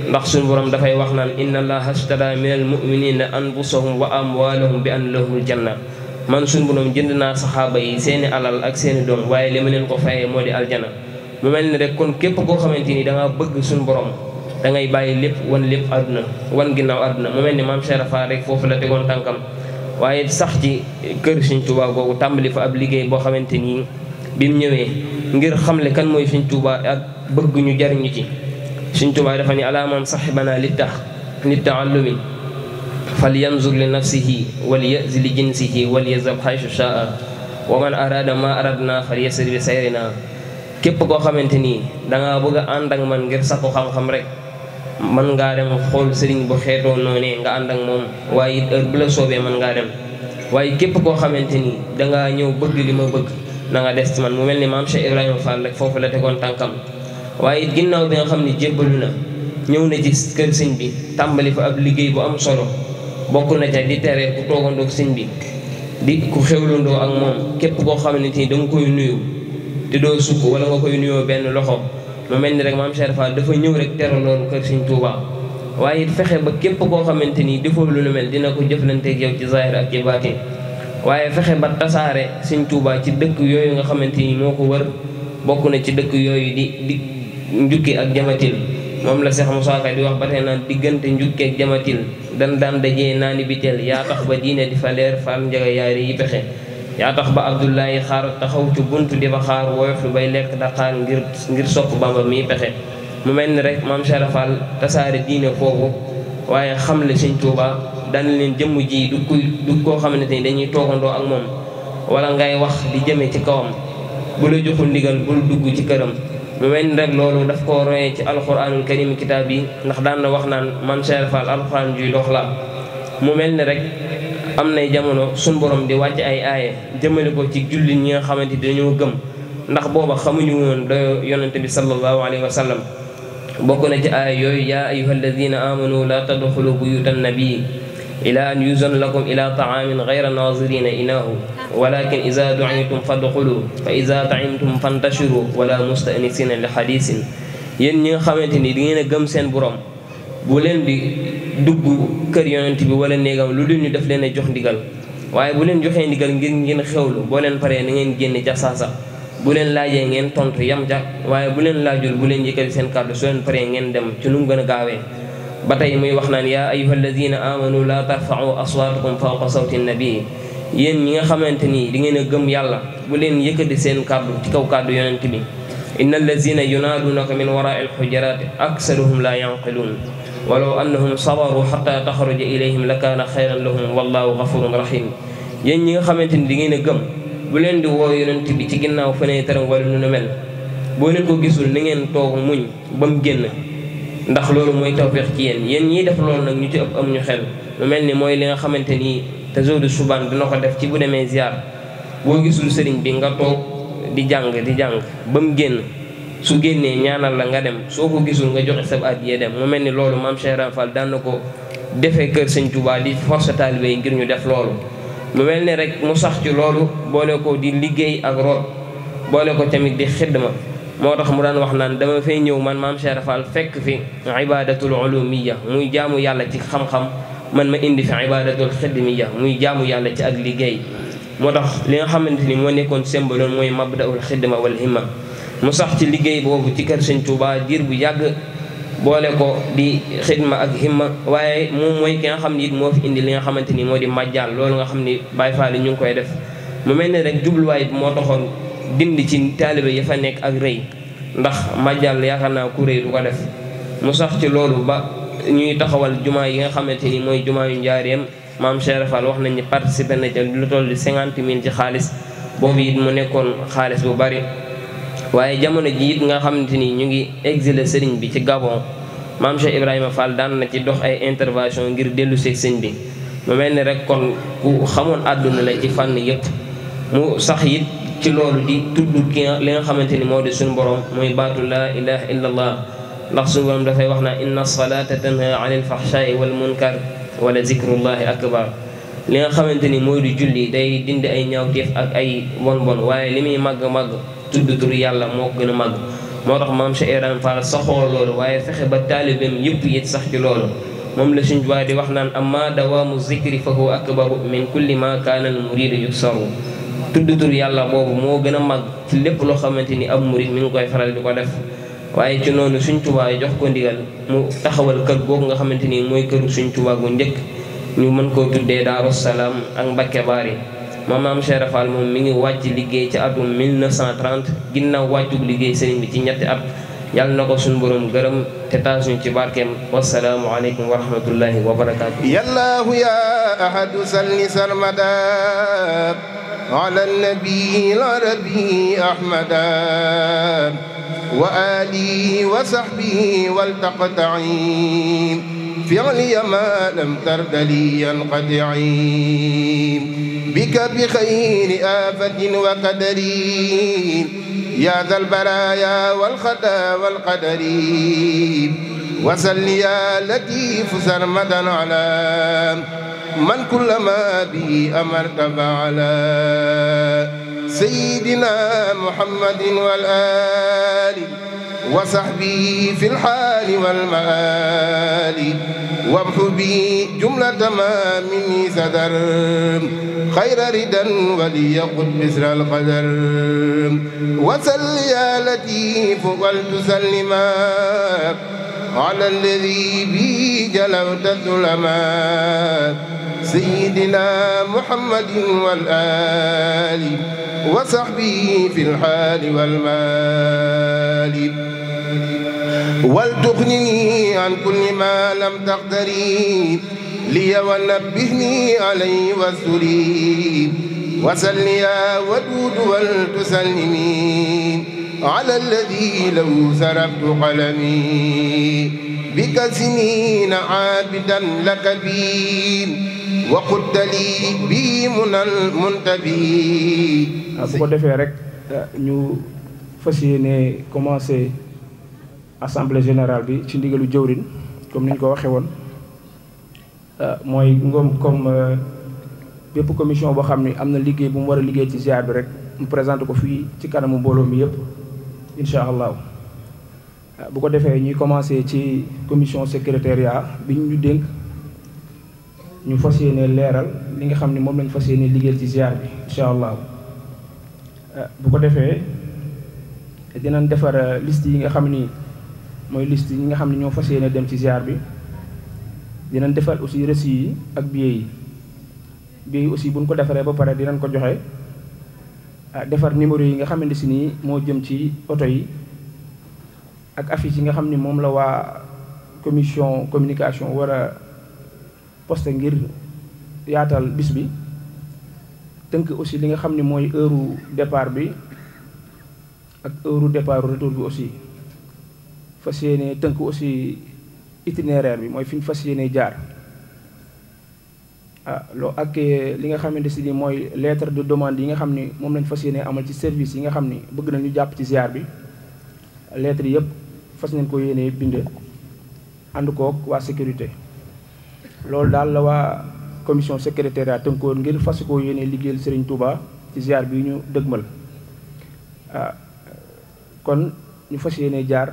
ndax suñu borom dafay wax naan inna allaha ashtara min al muminina anfusahum wa amwalahum bi an lahumul janna man suñu borom jënd naa saxaaba yi seeni alal ak seeni doom waaye li ma leen ko fayee moo di aljana mu mel ni rek kon képp koo xamante ni dangaa bëgg suñu borom dangay bàyyi lépp wan lépp àdduna wan ginnaaw àdduna mu mel ni maam Cheikh Rafa rek foofu la tegoon tànkam waaye sax ci kër Sëñ Tuubaa googu tàmbali fa ab liggéey boo xamante ni bi ñëwee ngir xamle kan mooy Sëñ Tuubaa ak bëgg jariñu ci suñ tubaay dafa ni sax man saxibana li tax li taallumi fal yanzur li nafsihi wal yazi li jinsihi wal yazab xaysu shaa wa man arada ma naa fal yasir bi sayrina képp koo xamante nii dangaa bëgg a ànd ak man ngir sakku xam-xam rek man ngaa dem xool sëriñ bu xeetoon noonee nga ànd moom waaye it heure bu la soobee man ngaa dem waaye képp koo xamante nii dangaa ñëw bëgg li ma bëgg na nga des man mu mel ni maam Cheikh Ibrahima Fall rek foofu la tegoon tànkam waaye it ginnaaw bi nga xam ne jébbalu na ñëw na ci kër sëñ bi tàmbali fa ab liggéey bu am solo bokk na ca di tere ku toogandoog sëñ bi di ku xewlandoo ak moom képp koo xamante ni danga koy nuyu te doo sukk wala nga koy nuyoo benn loxo mu mel ni rek maam Cheikh dafa ñëw rek teral loolu kër sëñ Touba waaye it fexe ba képp koo xamante ni defoo lu lu mel dina ko jëflanteeg yow ci zahir ak ci baatin waaye fexe ba tasaare sëñ tuubaa ci dëkk yooyu nga xamante ni moo ko wër bokk na ci dëkk yooyu di di njukki ak jamatil moom la Cheikh Moussa Ka di wax ba tey naan diggante njukki ak jamatil dan daan dajee naani biteel yaa tax ba diine di fa leer faam njaga yaari yi pexe yaa tax ba Abdoulaye xaar taxaw ci bunt di ba xaar woyof lu bay lekk daqaar ngir ngir sopp Bamba mi pexe mu mel ni rek maam Charafal tasaare diine foofu waaye xam le sëñ Tuuba daan leen jëmm ji du kuy du koo xamante ni dañuy toogandoo ak moom wala ngay wax di jëme ci kawam bu la joxul ndigal bul dugg ci këram mu mel ni rek loolu daf koo royee ci alquranul karim kitaab yi ndax daan na wax naan man Cheikh Fall alquran juy dox la mu mel ni rek am nay jamono suñ borom di wàcc ay aaye jëmale ko ci julli ñi nga xamante dañoo gëm ndax booba xamuñu woon doyo yonente bi sallallahu alayhi wa sallam bokk na ci aaya yooyu yaa ayuha alladina amanu la tadxulu buyuta annabii إلى أن يوزن لكم إلى طعام غير ناظرين إناه ولكن إذا دعيتم فادخلوا فإذا طعمتم فانتشروا ولا مستأنسين لحديث yéen ñi nga xamante ni di ngeen a gëm seen borom bu leen bi dugg kër yonent bi wala néegam lu dul ñu def leen jox ndigal waaye bu leen joxee ndigal ngir ngeen xewlu boo leen paree na ngeen génn ca saasa bu leen laajee ngeen tontu yam ja waaye bu leen laajul bu leen yëkkati seen kàddu soo leen paree ngeen dem ci nu mu gën a gaawee ba tey muy wax naan yaa ayuha alladina amanu laa tarfau aswaatakum fawqa sawti nabii yéen ñi nga xamante ni di ngeen a gëm yàlla bu leen yëkkati seen kàddu ci kaw kàddu yonent bi inna allazina yunaaduunaka min waraa alxujaraati aksaruhum laa yanqiluun walaw annahum sabaru xata taxaruja ilayhim la kaana xayran lahum wallahu gafurun rahim yéen ñi nga xamante ni di ngeen a gëm bu leen di woo yonent bi ci ginnaaw fenêtre wala lu nu mel boo leen ko gisul na ngeen toog muñ ba mu ndax loolu mooy tawféex ci yéen yéen ñii def loolu nag ñu ci ëpp amuñu xel lu mel ni mooy li nga xamante ni te soo Tazawudu Choubane dina ko def ci bu demee ziar boo gisul sëriñ bi nga toog di jàng di jàng ba mu génn su génnee ñaanal la nga dem soo ko gisul nga joxe sab addiya dem mu mel ni loolu maam Cheikh Ibra daan na ko defee kër sëñ Touba di force taalibe yi ngir ñu def loolu mu mel ni rek mu sax ci loolu boole ko di liggéey ak root boole ko tamit di xidma moo tax mu daan wax naan dama fay ñëw man ma maam Cheikh Fall fekk fi ibadatul ulumiya muy jaamu yàlla ci xam-xam man ma indi fi ibadatul xidmiya muy jaamu yàlla ci ak liggéey moo tax li nga xamante ni moo nekkoon sembaloon mooy mabdaul xidma wal himma mu sax ci liggéey boobu ci kër sëñ Touba diir bu yàgg boole ko di xidma ak himma waaye moom mooy ki nga xam ni it moo fi indi li nga xamante ni moo di màjjaal loolu nga xam ni Baay Faal yi ñu ngi koy def mu mel ne rek jubluwaay moo taxoon dind ci taalibe ya fa nekk ak rëy ndax màjjal yaakaar naa ku rëy du ko def mu sax ci loolu ba ñuy taxawal jumaa yi nga xamante ni mooy jumaa yu njaareem maam Cheikh Fall wax nañ ni participé na ca lu toll di cinquante mille ci xaalis boobu it mu nekkoon xaalis bu bari waaye jamono ji it nga xamante ni ñu ngi exilé sëriñ bi ci Gabon maam Cheikh Ibrahima Fall daan na ci dox ay intervention ngir dellu seeg sëñ bi mu mel ni rek kon ku xamoon àdduna la ci fànn yëpp mu ci loolu di tudd ki li nga xamante ni moo di suñu borom muy baatu laa ilaha illa allah ndax suñu borom dafay wax naa inna salata tanha anil fahshai wal munkar wala zikrullahi akbar li nga xamante ni mooy di julli day dindi ay ñaawteef ak ay bon bon waaye li muy màgg màgg tudd tur yàlla moo ko gën a màgg moo tax maam Cheikh Ibrahima Fall saxoo loolu waaye fexe ba taalibeem yëpp yit sax ci loolu moom la suñ di wax naan amma dawaamu zikri fa huwa akbaru min kulli ma kaana al muridu yuksaru tudd tur yàlla boobu moo gën a mag ci lépp loo xamante ni ab murit mi ngi koy faral di ko def waaye ci noonu suñ Tuubaa jox ko ndigal mu taxawal kër googu nga xamante ni mooy këru suñ Tuubaa gu njëkk ñu mën koo tuddee Daaru Salaam ak Mbakke yi ma maam Cheikh Fall moom mi ngi wàcc liggéey ci atum 1930 ginnaaw wàccug liggéey sëriñ bi ci ñetti at yàlla na ko suñu borom gërëm te taas ñu ci barkeem wasalaamu aleykum wa rahmatullahi wa barakaatu yallaahu ya ahadu salli sarmada على النبي العربي أحمد وآله وصحبه والتقطعين فعلي ما لم ترد لي ينقطعين بك بخير آفة وقدرين يا ذا البرايا والخدا والقدرين وسل يا لطيف سرمدا على من كلما به أمرت فعلا سيدنا محمد والآل وصحبه في الحال والمآل وامح به جملة ما مني صدر خير ردا وليقل بسر القدر وسل يا لطيف ولتسلما على الذي به جلوت الظلمات سيدنا محمد والآل وصحبه في الحال والمال ولتغنني عن كل ما لم تقدري لي ونبهني عليه واستري وسل يا ودود ولتسلمين على الذي لو سرفت قلمي بك سنين عابدا لك بي ah, bu ko defee rek eh, ñu fas ne commencé assemblée général bi ci ndigalu jëwrin comme ni ñu ko waxee woon eh, mooy ngoom comme eh, bépp commission boo xam ni am na liggéey bu mu war a liggéey ci ziar bi rek mu présenté ko fii ci kanamu mbooloo mi yëpp incha allah bu ko defee ñuy commencé ci commission secrétariat bi ñu dénk ñu fas yéene leeral li nga xam ne moom lañ fas yéene liggéeyal ci ziar bi incha allah bu ko defee dinañ defar liste yi nga xam ni mooy liste yi nga xam ne ñoo fas yéene dem ci ziar bi dinañ defar aussi reçu yi ak billets yi billets yi aussi buñ ko defaree ba pare dinañ ko joxe. Ah, defar numéro yi nga xamante si nii moo jëm ci oto yi ak affiche ci nga xam ni moom la waa commission communication war a poste ngir yaatal bis bi tënk aussi li nga xam ni mooy heure u départ bi ak heure u départ retour bi aussi fas yéene tënk aussi itinéraire bi mooy fi ñu fas yéene jaar Ah, loo ak eh, li nga xamante si ni mooy lettre de demande yi nga xam ni moom lañ fas yéene amal ci service yi nga xam ni bëgg nañu jàpp ci ziar bi lettre yëpp fas nañ ko yéene binde ànd kook waa sécurité loolu daal la waa commission secrétariat tënkoon ngir fas koo yéene liggéeyal Serigne Touba ci ziar bi ñu dëgmal ah, kon ñu fas yéene jaar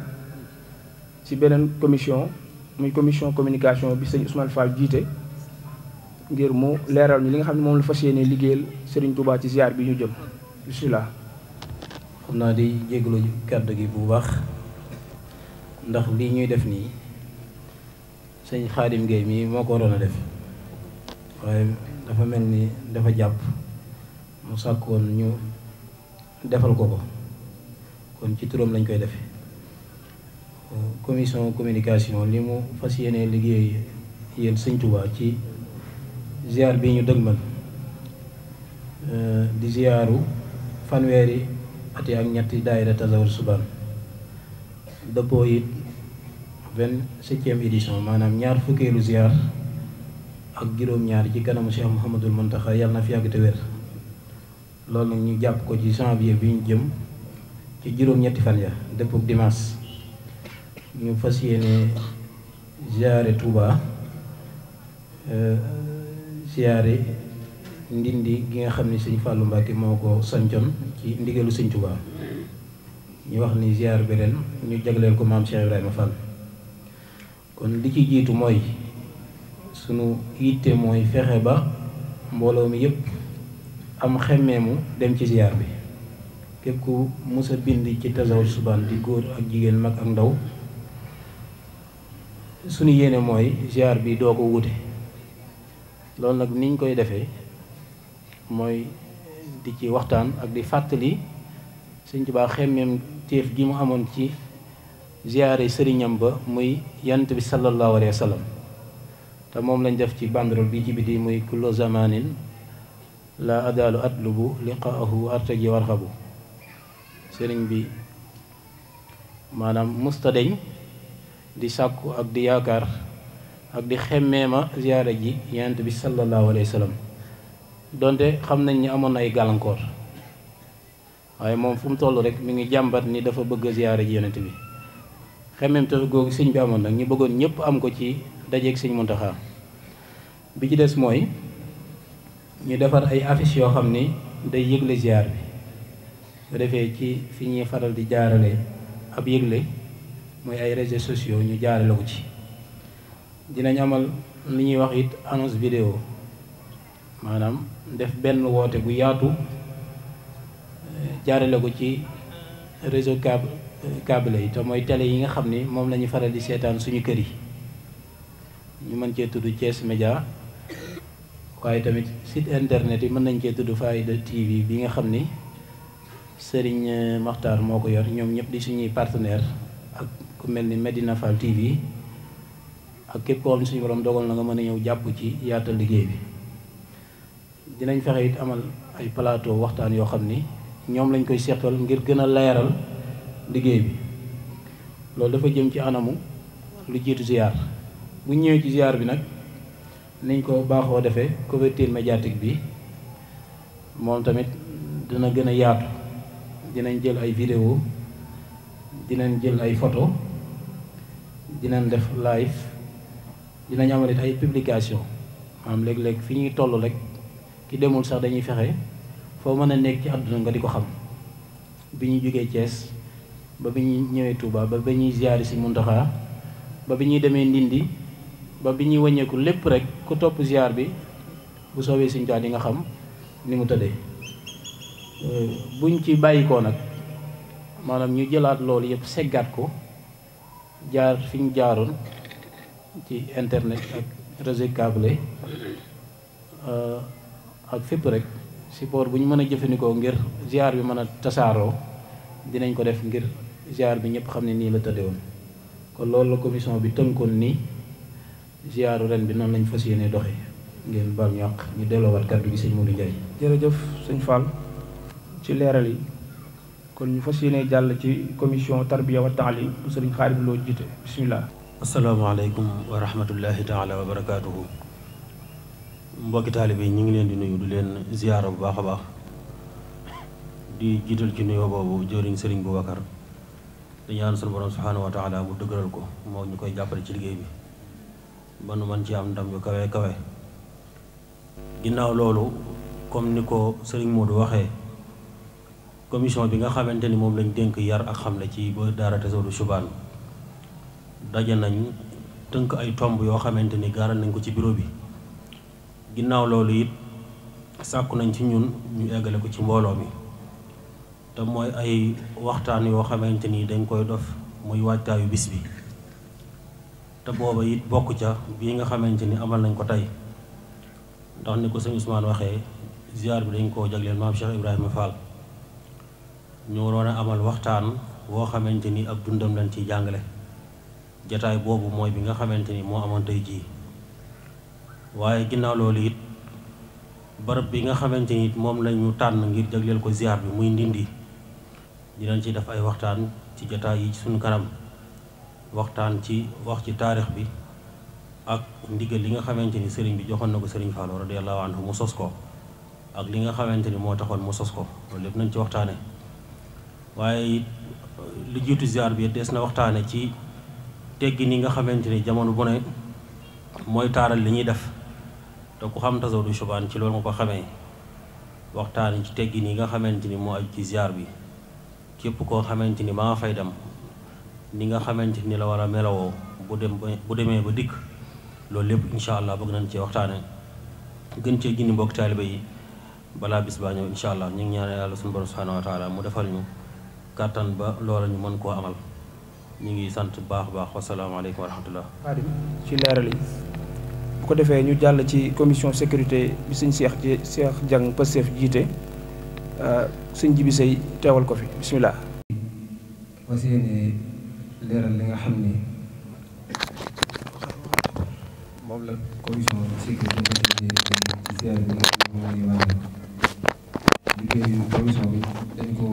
ci beneen commission muy commission communication bi sëñ Ousmane Fall jiite ngir mu leeral ñu li nga xam ne moom lu fas yéene liggéeyal Serigne Touba ci ziar bi ñu jëm bisimilah. xam naa di jégalu kàddu gi bu baax ndax lii ñuy def nii sëñ Xaadim Gueye moo ko a def dafa mel ni dafa jàpp mu sàkkoon ñu defal ko ko kon ci turam lañ koy defe commission communication li fas yéene liggéey yéen sëñ ci. ziar bi ñu dëgmal euh, di ziaru fanweeri at yi ak ñetti daayira Tazawudu Subaan dëppoo it vingt-septième édition maanaam ñaar fukkeelu ziar ak juróom-ñaar ci kanamu Cheikh Mouhamadul Mountakha yàlla na fi yàgg te wér loolu nag ñu jàpp ko ci janvier bi ñu jëm ci juróom-ñetti fan ya dëppook ñu fas yéene ziare Touba. Euh, siyaare ndindi gi nga xam ne sëñ Fallou Mbacke moo ko sancoon ci ndigalu sëñ Touba ñu wax ni ziar bi ren ñu jagleel ko maam Cheikh Ibrahima Fall kon li ci jiitu mooy sunu yitte mooy fexe ba mbooloo mi yëpp am xemmeemu dem ci ziar bi képp ku mus bind ci tasawul subaan di góor ak jigéen mag ak ndaw sunu yéene mooy ziar bi doo ko wute loolu nag niñ koy defee mooy di ci waxtaan ak di fàttali Sëñ Tuubaa xemmeem tiif gi mu amoon ci ziyaare sëriñam ba muy yant bi sallallahu alayhi wa sallam te moom lañ def ci banderole bi ci biti muy kullu zamanin la adaalu atlubu liqaahu gi warxabu sëriñ bi maanaam mustadeñ di sàkku ak di yaakaar ak di xemmee ma ziyaara ji yonent bi sallallahu alayhi wa sallam donte xam nañ ni amoon na ay gàllankoor waaye moom fu mu toll rek mu ngi jàmbat ni dafa bëgg ziyaara ji yonent bi xemmem te googu sëñ bi amoon nag ñu bëggoon ñëpp am ko ci dajeeg sëñ Muntaxa bi ci des mooy ñu defar ay affiche yoo xam ni day yëgle ziar bi su defee ci fi ñuy faral di jaarale ab yëgle mooy ay réseaux sociaux ñu jaarale ko ci dinañ amal li ñuy wax it annonce vidéo maanaam def benn woote bu yaatu jaarale ko ci réseau câble câble yi te mooy télé yi nga xam ni moom la ñu faral di seetaan suñu kër yi ñu mën cee tudd Thiès Média waaye tamit site internet yi mën nañ cee tudd Faaida TV bi nga xam ni Serigne eh, Makhtar moo ko yor ñoom ñëpp di suñuy partenaire ak ku mel ni Medina Fall TV. ak képp koo suñu borom dogal na nga mën a ñëw jàpp ci yaatal liggéey bi dinañ fexe it amal ay palaato waxtaan yoo xam ni ñoom lañ koy seqal ngir gën a leeral liggéey bi loolu dafa jëm ci anamu lu jiitu ziar bu ñëwee ci ziar bi nag niñ ko baaxoo defee couverture médiatique bi moom tamit dina gën a yaatu dinañ jël ay vidéo dinañ jël ay photo dinañ def live dinañ amal it ay publication maanaam léeg-léeg fi ñuy tollu rek ki demul sax dañuy fexe foo mën a nekk ci àdduna nga di ko xam bi ñuy jógee Thiès ba bi ñuy ñëwee Touba ba bi ñuy ziyaari si Muntaxa ba bi ñuy demee Ndindi ba bi ñuy waññeeku lépp rek ku topp ziar bi bu soowee suñu toit yi nga xam ni mu tëddee euh, buñ ci bàyyikoo nag maanaam ñu jëlaat loolu yëpp seggaat ko jaar fi ñu jaaroon ci internet ak réseau câblé euh, ak fépp rek support bu ñu mën a jëfandikoo ngir ziar bi mën a tasaaroo dinañ ko def ngir ziar bi ñëpp xam ne nii la tëddewoon kon loolu la commission bi tënkoon nii ziaru ren bi noonu lañ fas yéene doxee ngeen baal ñu àq ñu delloowaat kàddu gi sëñ Modou Ndiaye jërëjëf sëñ Fall ci leeral yi kon ñu fas yéene jàll ci commission tarbiya wa taalim bu sëriñ Xaadim Lo jiite bisimilah asalaamaaleykum wa rahmatullahi taala wa barakaatuhu mbokki taalibe yi ñu ngi leen di nuyu du leen ziyaara bu baax a baax di jiital ci nuyoo boobu jëriñ sëriñ Boubacar di ñaan sunu borom subhaanahu wa taala mu dëgëral ko moo ñu koy jàppale ci liggéey bi ba nu mën ci am ndam yu kawe kawe ginnaaw loolu comme ni ko sëriñ moo du waxee commission bi nga xamante ni moom lañ dénk yar ak xam xamle ci ba daara Tazawudu subaan daje nañu tënk ay tomb yoo xamante ni gaaral nañ ko ci bureau bi ginnaaw loolu it sàkku nañ ci ñun ñu eggale ko ci mbooloo mi te mooy ay waxtaan yoo xamante ni dañ koy dof muy waajtaayu bis bi te booba it bokk ca bii nga xamante ni amal nañ ko tey ndax ni ko sëñ Ousmane waxee ziar bi dañ koo jagleel maam Cheikh Ibrahima Fall ñu waroon a amal waxtaan woo xamante ni ab dundam lañ ciy jàngale jataay boobu mooy bi nga xamante ni moo amoon tey jii waaye ginnaaw loolu it barab bi nga xamante ni moom lañu tànn ngir jagleel ko ziar bi muy ndindi dinañ ci def ay waxtaan ci jataay yi ci suñu kanam waxtaan ci wax ci taarix bi ak ndigal li nga xamante ni sëriñ bi joxoon na ko sëriñ Fallou radiyallahu anhu mu sos ko ak li nga xamante ni moo taxoon mu sos ko loolu nañ ci waxtaane waaye li jiitu ziar bi des na waxtaane ci teggin yi nga xamante ni jamono bu ne mooy taaral li ñuy def te ku xam tasawdu shubaan ci loolu nga ko xamee waxtaan ci teggin yi nga xamante ni moo aju ci ziar bi képp koo xamante ni maa fay dem ni nga xamante ni la war a melawoo bu dem ba bu demee ba dikk loolu lépp incha allah bëgg nañ cee waxtaanee gën cee gindi mbokk taaliba yi balaa bis baa ñëw incha allah ñu ngi ñaan yàlla suñu borom subhanahu wa taala mu defal ñu kàttan ba loola ñu mën koo amal ñu ngi sant baax baax wasalaamaaleykum wa rahmatullah ci leeral yi bu ko defee ñu jàll ci commission sécurité bi sëñ Cheikh Cheikh Dieng Pastef jiite euh, sëñ Jibi Sey teewal ko fi bisimilah. fas yéene leeral li nga xam ni moom la commission sécurité bi ci ko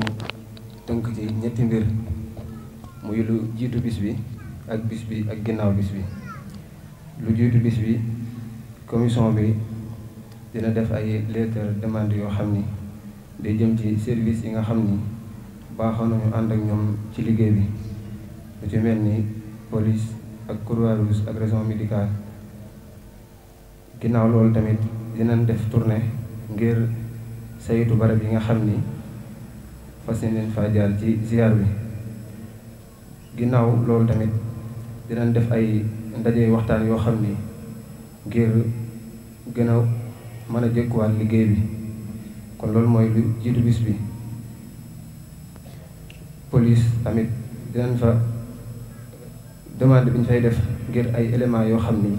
tënk ci ñetti mbir. muy lu jiitu bis bi ak bis bi ak ginnaaw bis bi lu jiitu bis bi commission bi dina def ay lettre demande yoo xam ni day jëm ci service yi nga xam ni baaxoon nañu ànd ak ñoom ci liggéey bi lu ci mel ni police ak Croix-Rouge ak région médicale ginnaaw loolu tamit dinañ def tournée ngir saytu barab yi nga xam ni fas yéeneen faa jaar ci ziar bi ginnaaw loolu tamit dinañ def ay ndaje waxtaan yoo xam ni ngir gën a mën a jëkkuwaat liggéey bi kon loolu mooy lu jiitu bis bi police tamit dinañ fa demande bi ñu fay def ngir ay éléments yoo xam ni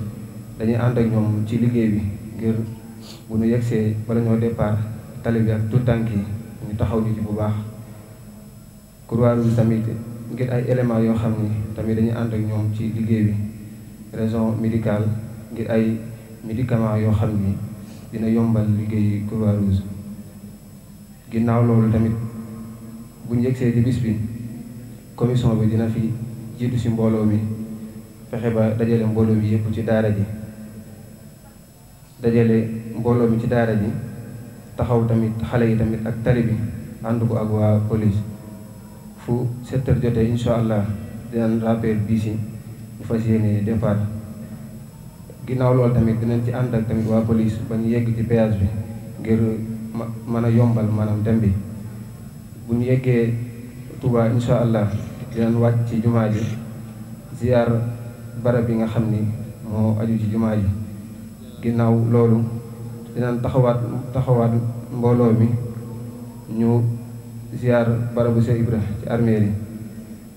dañuy ànd ak ñoom ci liggéey bi ngir bu ñu yegsee bala ñoo départ tali bi ak tout tànk yi ñu taxaw nit yi bu baax couloir bi tamit ngir ay éléments yoo xam ni tamit dañuy ànd ak ñoom ci liggéey bi raison médical ngir ay médicaments yoo xam ni dina yombal liggéey Croix-Rouge ginnaaw loolu tamit bu ñu yegsee ci bis bi commission bi dina fi jiitu si mbooloo mi fexe ba dajale mbooloo bi yëpp ci daara ji dajale mbooloo mi ci daara ji taxaw tamit xale yi tamit ak tari bi ànd ko ak waa police fu sept heures jotee incha allah dinañ rappel bii si bu fa yéene départ ginnaaw loolu tamit dinañ ci ànd ak tamit waa police ba ñu yegg ci péage bi ngir mën a yombal maanaam dem bi bu ñu yeggee Touba incha allah dinañ wàcc ci jumaa ji ziar barab yi nga xam ni moo aju ci jumaa ji ginnaaw loolu dinan taxawaat taxawaat mbooloo mi ñu. ziar barabu Cheikh Ibra ci armeel yi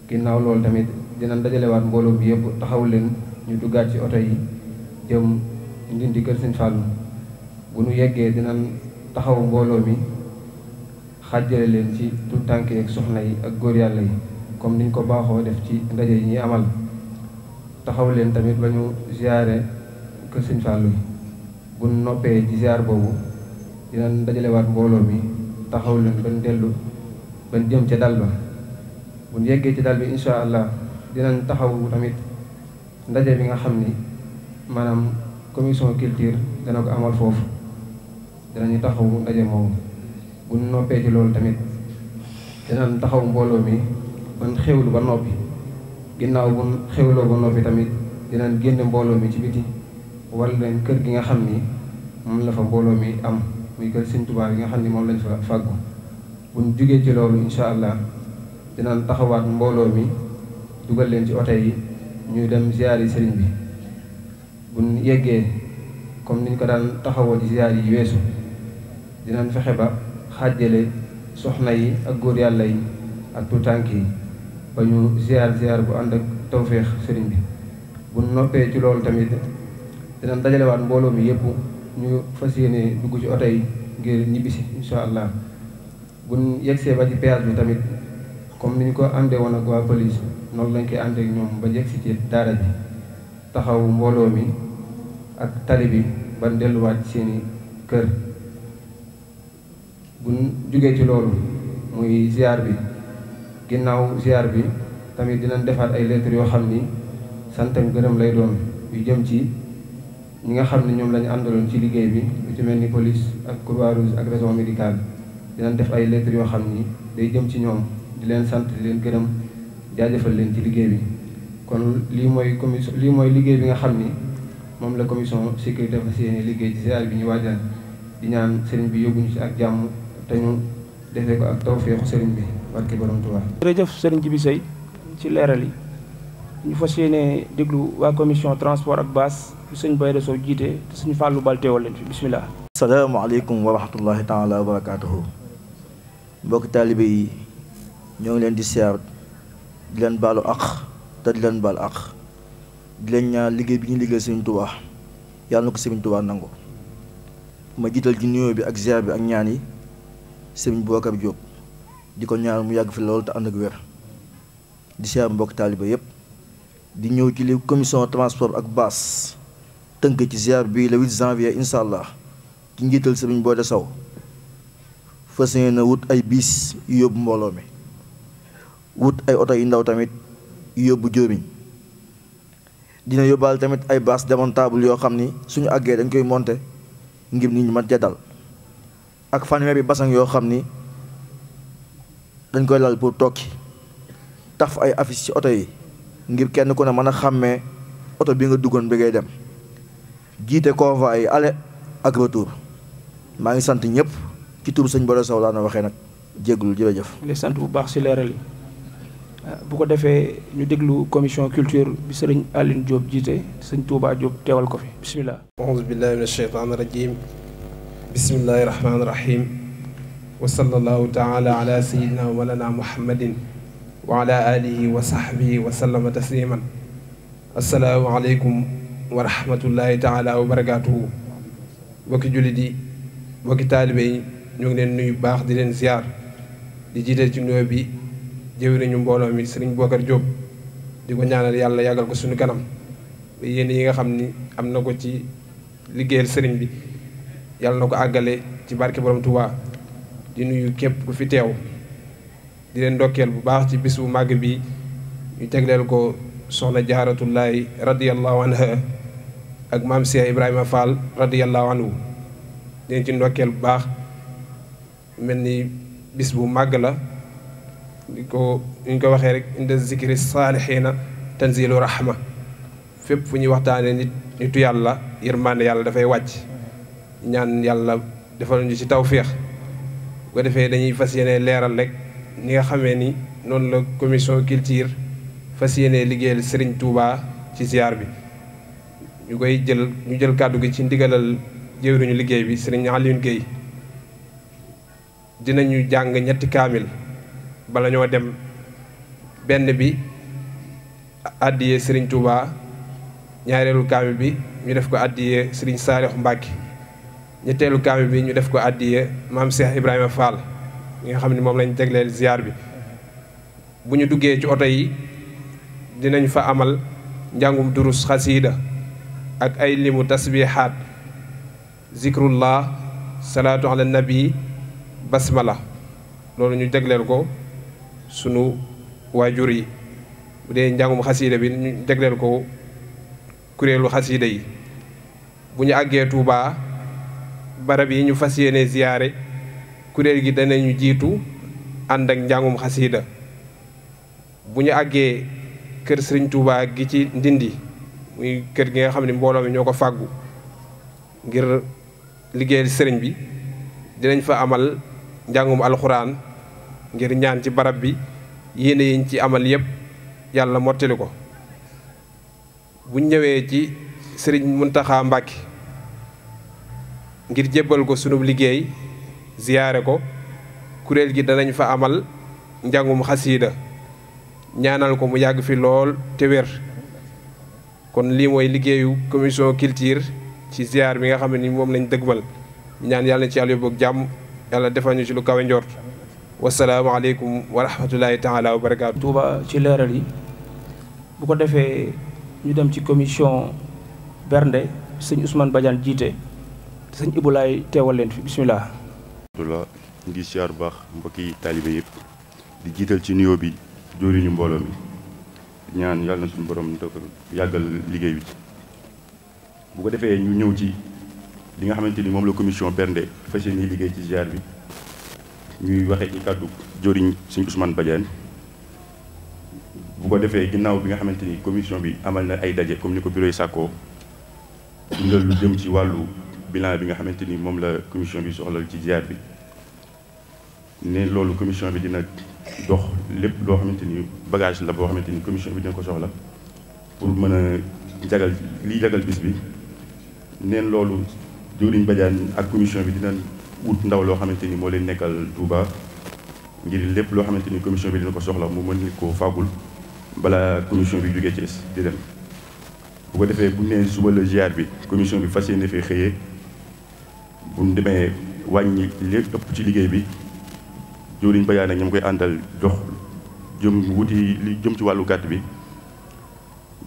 ginnaaw loolu tamit dina dajalewaat mbooloo bi yëpp taxaw leen ñu duggaat ci oto yi jëm di kër seen Fallu bu nu yeggee dina taxaw mbooloo mi xàjjale leen ci tout tànk yeeg soxna yi ak góor yàlla yi comme niñ ko baaxoo def ci ndaje yi ñuy amal taxaw leen tamit ba ñu ziare kër Sëñ Fallu yi bu noppee ci ziar boobu dina dajalewaat mbooloo mi taxaw leen ba ñu dellu dañ jëm ca dal ba bu ñu yeggee ci dal bi incha allah dinañ taxawu tamit ndaje bi nga xam ni maanaam commission culture dana ko amal foofu danañu taxawu ndaje moom bu noppee ci loolu tamit dinañ taxaw mbooloo mi ban xëwlu ba noppi ginnaaw bu xëwloo ba noppi tamit dinañ génn mbooloo mi ci biti wala leen kër gi nga xam ni moom la fa mbooloo mi am muy kër Sëñ Tuubaa yi nga xam ni moom lañ fa fàggu buñ jógee ci loolu incha allah dinaan taxawaat mbooloo mi dugal leen ci oto yi ñuy dem ziar yi sëriñ bi buñ yeggee comme niñ ko daan taxawoo ci ziar yi weesu dinaan fexe ba xàjjale soxna yi ak góor yàlla yi ak tuutànk yi ba ñu ziar ziar bu ànd ak tawféex sëriñ bi buñ noppee ci loolu tamit dinaan dajalewaat mbooloo mi yëpp ñu fas yéene dugg ci oto yi ngir ñibbisi incha allah buñ yegsee ba ci péage bi tamit comme ni ñu ko àndee woon ak waa police noonu lañ koy àndee ak ñoom ba yegsi ci daara ji taxaw mbooloo mi ak tali bi ba delluwaat seeni kër bu nu jógee ci loolu muy ziar bi ginnaaw ziar bi tamit dinañ defaat ay lettres yoo xam ni santam gërëm lay doon yu jëm ci ñi nga xam ne ñoom lañu àndaloon ci liggéey bi lu ci mel ni police ak Croix-Rouge ak raison dinañ def ay lettres yoo xam ni day jëm ci ñoom di leen sant di leen gërëm jaajëfal leen ci liggéey bi kon lii mooy commission lii mooy liggéey bi nga xam ni moom la commission sécurité dafa séenee liggéey ci ziar bi ñu waajal di ñaan sëriñ bi yóbbuñu ci ak jàmm te ñu defee ko ak tawféexu sëriñ bi barke borom Tuubaa. jërëjëf sëriñ Jibi Sey ci leeral yi ñu fas yéenee déglu waa commission transport ak bas bu sëñ Bayda Sow jiite te suñu fàllu bal teewal leen fi bisimilah. salaamaaleykum wa rahmatullahi taala wa mbokk taalibe yi ñoo ngi leen di siyaar di leen baalu àq te di leen baal ak di leen ñaar liggéey bi ñu liggéey Sëriñ Tuubaa yàlla na ko Sëriñ Tuubaa nangu ma jiital ci nuyoo bi ak ziar bi ak ñaan yi Sëriñ Boubacar Diop di ko ñaar mu yàgg fi loolu te ànd ak wér di siyaar mbokki taalibe yépp di ñëw ci li commission transport ak baas tënk ci ziar bii le 8 janvier incha allah ci njiital Sëriñ Bode Sow fas na wut ay biis yu yóbbu mbooloo mi wut ay oto yu ndaw tamit yu yóbbu jóomiñ dina yóbbaal tamit ay bâche démontable yoo xam ni suñu àggee dañ koy monter ngir nit ñi mën cee ak fanweeri basang yoo xam ni dañ koy lal pour tokki fu ay affiche ci oto yi ngir kenn ku ne mën a xàmmee oto bi nga duggoon bi dem jiite convoi yi aller ak retour maa ngi sant ñëpp ci tub sëñ Bodo Sow laa na waxee nag jéggul jërëjëf. di sant bu baax si leeral yi ah, bu ko defee ñu déglu commission culture bi sëriñ Aline Diop jiite sëñ Touba Diop teewal ko fi bisimilah. auzu billahi min asheytaani rajim bismillahi rahmaani rahim wa sallallahu taala ala sayidina wa mawlana muhammadin wa ala alihi wa sahbihi wa sallama tasliman assalaamu aleykum wa rahmatullahi taala wa barakatuhu bokki jullit yi bokki taalibe yi ñu ngi leen nuyu baax di leen ziar di jiital ci nuyoo bi nañu mbooloo mi sëriñ Bokar Diop di ko ñaanal yàlla yàggal ko suñu kanam ba yéen yi nga xam ni am na ko ci liggéeyal sëriñ bi yàlla na ko àggale ci barke borom Touba di nuyu képp ku fi teew di leen ndokkeel bu baax ci bis bu màgg bi ñu tegleel ko soxna jaaratullahi radiallahu anha ak maam Cheikh Ibrahima Fall radiallahu anhu di leen ci ndokkeel bu baax mel ni bis bu màgg la di ko ñu ko waxee rek inda zikri saalihiina tanzilu rahma fépp fu ñuy waxtaanee nit nitu yàlla yërmande yàlla dafay wàcc ñaan yàlla defal ñu ci tawféex bu ko defee dañuy fas yéene leeral rek ni nga xame ni noonu la commission culture fas yéene liggéeyal sëriñ Touba ci ziar bi. ñu koy jël ñu jël kàddu gi ci ndigalal jëwriñu liggéey bi Serigne Alioune Guèye dina ñu jàng ñetti kaamil bala ñoo dem benn bi àddiyee sëriñ Touba ñaareelu kaamil bi ñu def ko àddiyee sëriñ Saalix Mbàkke ñetteelu kaamil bi ñu def ko àddiyee maam Cheikh Ibrahima Fall ñi nga xam ni moom lañ jagleel ziar bi bu ñu duggee ci oto yi dinañ fa amal njàngum durus xasiida ak ay limu tasbihaat zikrullah salaatu ala nabi basmala loolu ñu jagleel ko sunu waajur yi bu dee njàngum xasiida bi ñu jagleel ko kuréelu xasiida yi bu ñu àggee Tuubaa barab yi ñu fas yéene ziyaare kuréel gi danañu jiitu ànd ak njàngum xasiida bu ñu àggee kër sëriñ Tuubaa gi ci Ndindi muy kër gi nga xam ne mbooloo mi ñoo ko fàggu ngir liggéeyal sëriñ bi dinañ fa amal njàngum alxuraan ngir ñaan ci barab bi yéene yiñ ci amal yépp yàlla mottali ko bu ñëwee ci sëriñ Muntaxa Mbàkke ngir jébbal ko sunub liggéey ziyaare ko kuréel gi danañ fa amal njàngum xasiida ñaanal ko mu yàgg fi lool te wér kon lii mooy liggéeyu commission culture ci ziar bi nga xam ne ni moom lañ dëgmal ñaan yàlla na ci àll yóbbu jàmm yàlla defal ñu ci lu kawe njort wasalaamaaleykum wa rahmatulahi taala wa Touba ci leeral yi bu ko defee ñu dem ci commission bernde sëñ Ousmane Badiane jiite sëñ Ibou teewal leen fi bisimilah. Abdoulaye ngi siyaar bu baax mbokki taalibe yëpp di jiital ci nuyoo bi jëwriñu mbooloo mi ñaan yàlla na suñu yàggal liggéey bi bu ko defee ñu ñëw ci. li nga xamante ni moom la commission bernde fas ni liggéey ci ziar bi ñuy waxee ni kàddu joriñ sëñ Ousmane bajaan bu ko defee ginnaaw bi nga xamante ni commission bi amal na ay daje comme ni ko bureau yi sàkkoo dundal lu jëm ci wàllu bilan bi nga xamante ni moom la commission bi soxlal ci ziar bi ne loolu commission bi dina dox lépp loo xamante ni bagage la boo xamante ni commission bi dina ko soxla pour mën a jagal liy jagal bis bi neen loolu jëwriñ Badiane ak commission bi dina wut ndaw loo xamante ni moo leen nekkal Touba ngir lépp loo xamante ni commission bi dina ko soxla mu mën ko fàggul balaa commission bi jógee Thiès di dem bu ko defee bu nee suba la ziar bi commission bi fas yéene fee xëyee bu ñu demee wàññi lépp ëpp ci liggéey bi jëwriñ Badiane ak ñoom koy àndal jox wuti li jëm ci wàllu gàtt bi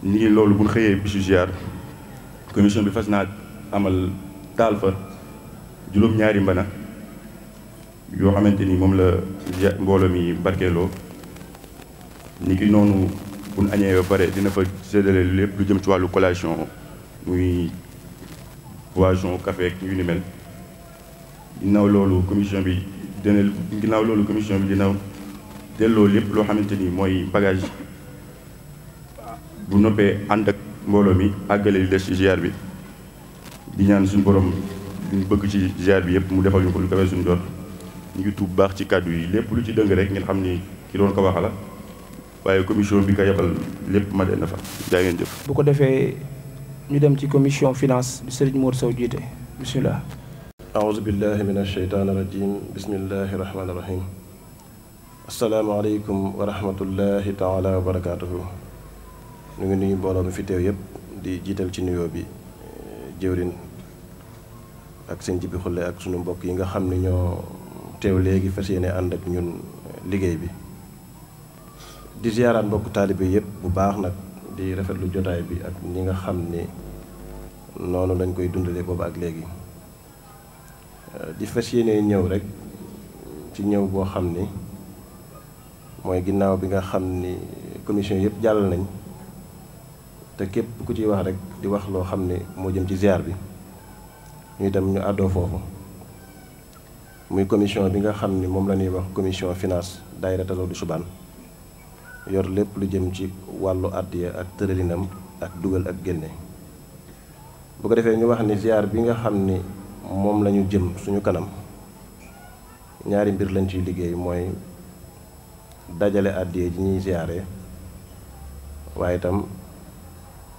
ñu ngi xëyee bisu ziar commission bi fas naa amal taal fa juróom-ñaari mbana yoo xamante ni moom la mbooloo mi barkeeloo ni ki noonu bu ñu añee ba pare dina fa séddale lépp lu jëm ci wàllu collation muy poisson café ak yu ni mel ginnaaw loolu commission bi dina ginnaaw loolu commission loo xamante ni mooy bagage bu noppee ànd ak mbooloo mi àggale li des ci ziar bi di ñaan suñu borom ñu bëgg ci ziar bi yëpp mu defal ñu ko lu kawee suñu doon ñu ngi tuub baax ci kàddu yi lépp lu ci dëng rek ngeen xam ni ki doon ko la waaye commission bi ka yebal lépp ma dee na fa jaa ngeen jëf bu ko defee ñu dem ci commission finance bi moo Mor Sow jiite bismillah aouzu billahi min asheytaan irajim bismillahi rahmaani rahim asalaamaaleykum wa rahmatullahi taala wa barakaatuhu ñu ngi nuyu mbooloo mi fi teew yëpp di jiital ci nuyoo bi jëwrin ak seen jibi xulle ak sunu mbokk yi nga xam ne ñoo teew léegi fas yéene ànd ak ñun liggéey bi di ziyaaraat mbokk taalibe yépp bu baax nag di rafetlu jotaay bi ak ñi nga xam ni noonu lañ koy dundalee boobu ak léegi euh, di fas yéene ñëw rek ci ñëw boo xam ni mooy ginnaaw bi nga xam ni commission yépp jàll nañ te képp ku ciy wax rek di wax loo xam ne moo jëm ci ziar bi ñu itam ñu àddoo foofu muy commission bi nga xam ni moom la ñuy wax commission finance daayira Tazawudu Chubaan yor lépp lu jëm ci wàllu àddiya ak tëralinam ak dugal ak génne bu ko defee ñu wax ni ziar bi nga xam ni moom la ñu jëm suñu kanam ñaari mbir lañ ciy liggéey mooy dajale àddiya ji ñuy ziare waaye itam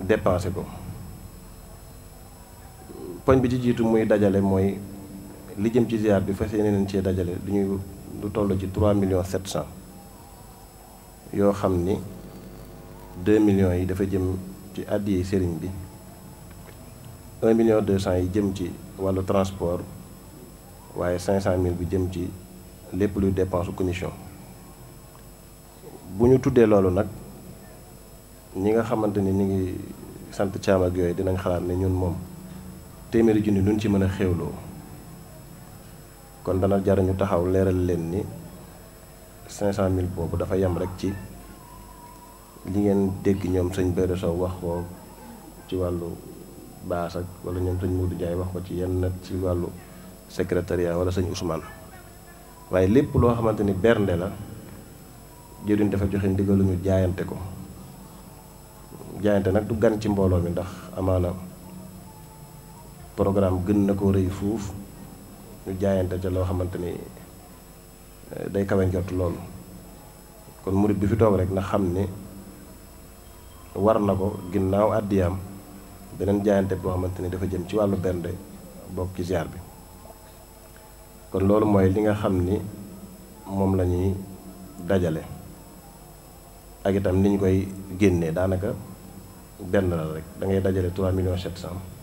dépensé ko poñ bi ci jiitu muy dajale mooy li jëm ci ziar bi fas yéene nañ cee dajale du ñuy lu toll ci 3 millions 700 yoo xam ni 2 millions yi dafa jëm ci àddiyee sëriñ bi 1 million 200 yi jëm ci wàllu transport waaye 500000 bi jëm ci lépp luy dépense commission bu ñu tuddee loolu nag ñi nga xamante ni ñu ngi sant caam ak yooyu dinañ xalaat ne ñun moom. téeméeri junni duñ ci mën a xéwloo kon dana jariñu taxaw leeral leen ni cinq cent mille boobu dafa yem rek ci li ngeen dégg ñoom sëñ Béda Sow wax ko ci wàllu baas ak wala ñoom sëñ Modou Ndiaye wax ko ci yenn ci wàllu secrétariat wala sëñ Ousmane waaye lépp loo xamante ni bernde la jëriñ dafa joxe ndigalu ñu jaayante ko jaayante nag du gan ci mbooloo mi ndax amaana programme gën na koo rëy fuuf ñu jaayante ca loo xamante ni eh, day kawe njot loolu kon murit bi fi toog rek na xam ne war na ko ginnaaw àddiyaam beneen jaayante boo xamante ni dafa jëm ci wàllu bernde bokk ci ziar bi kon loolu mooy li nga xam ni moom lañuy dajale ak itam ni ñu koy génnee daanaka benn la rek da ngay dajale 3 millions 700.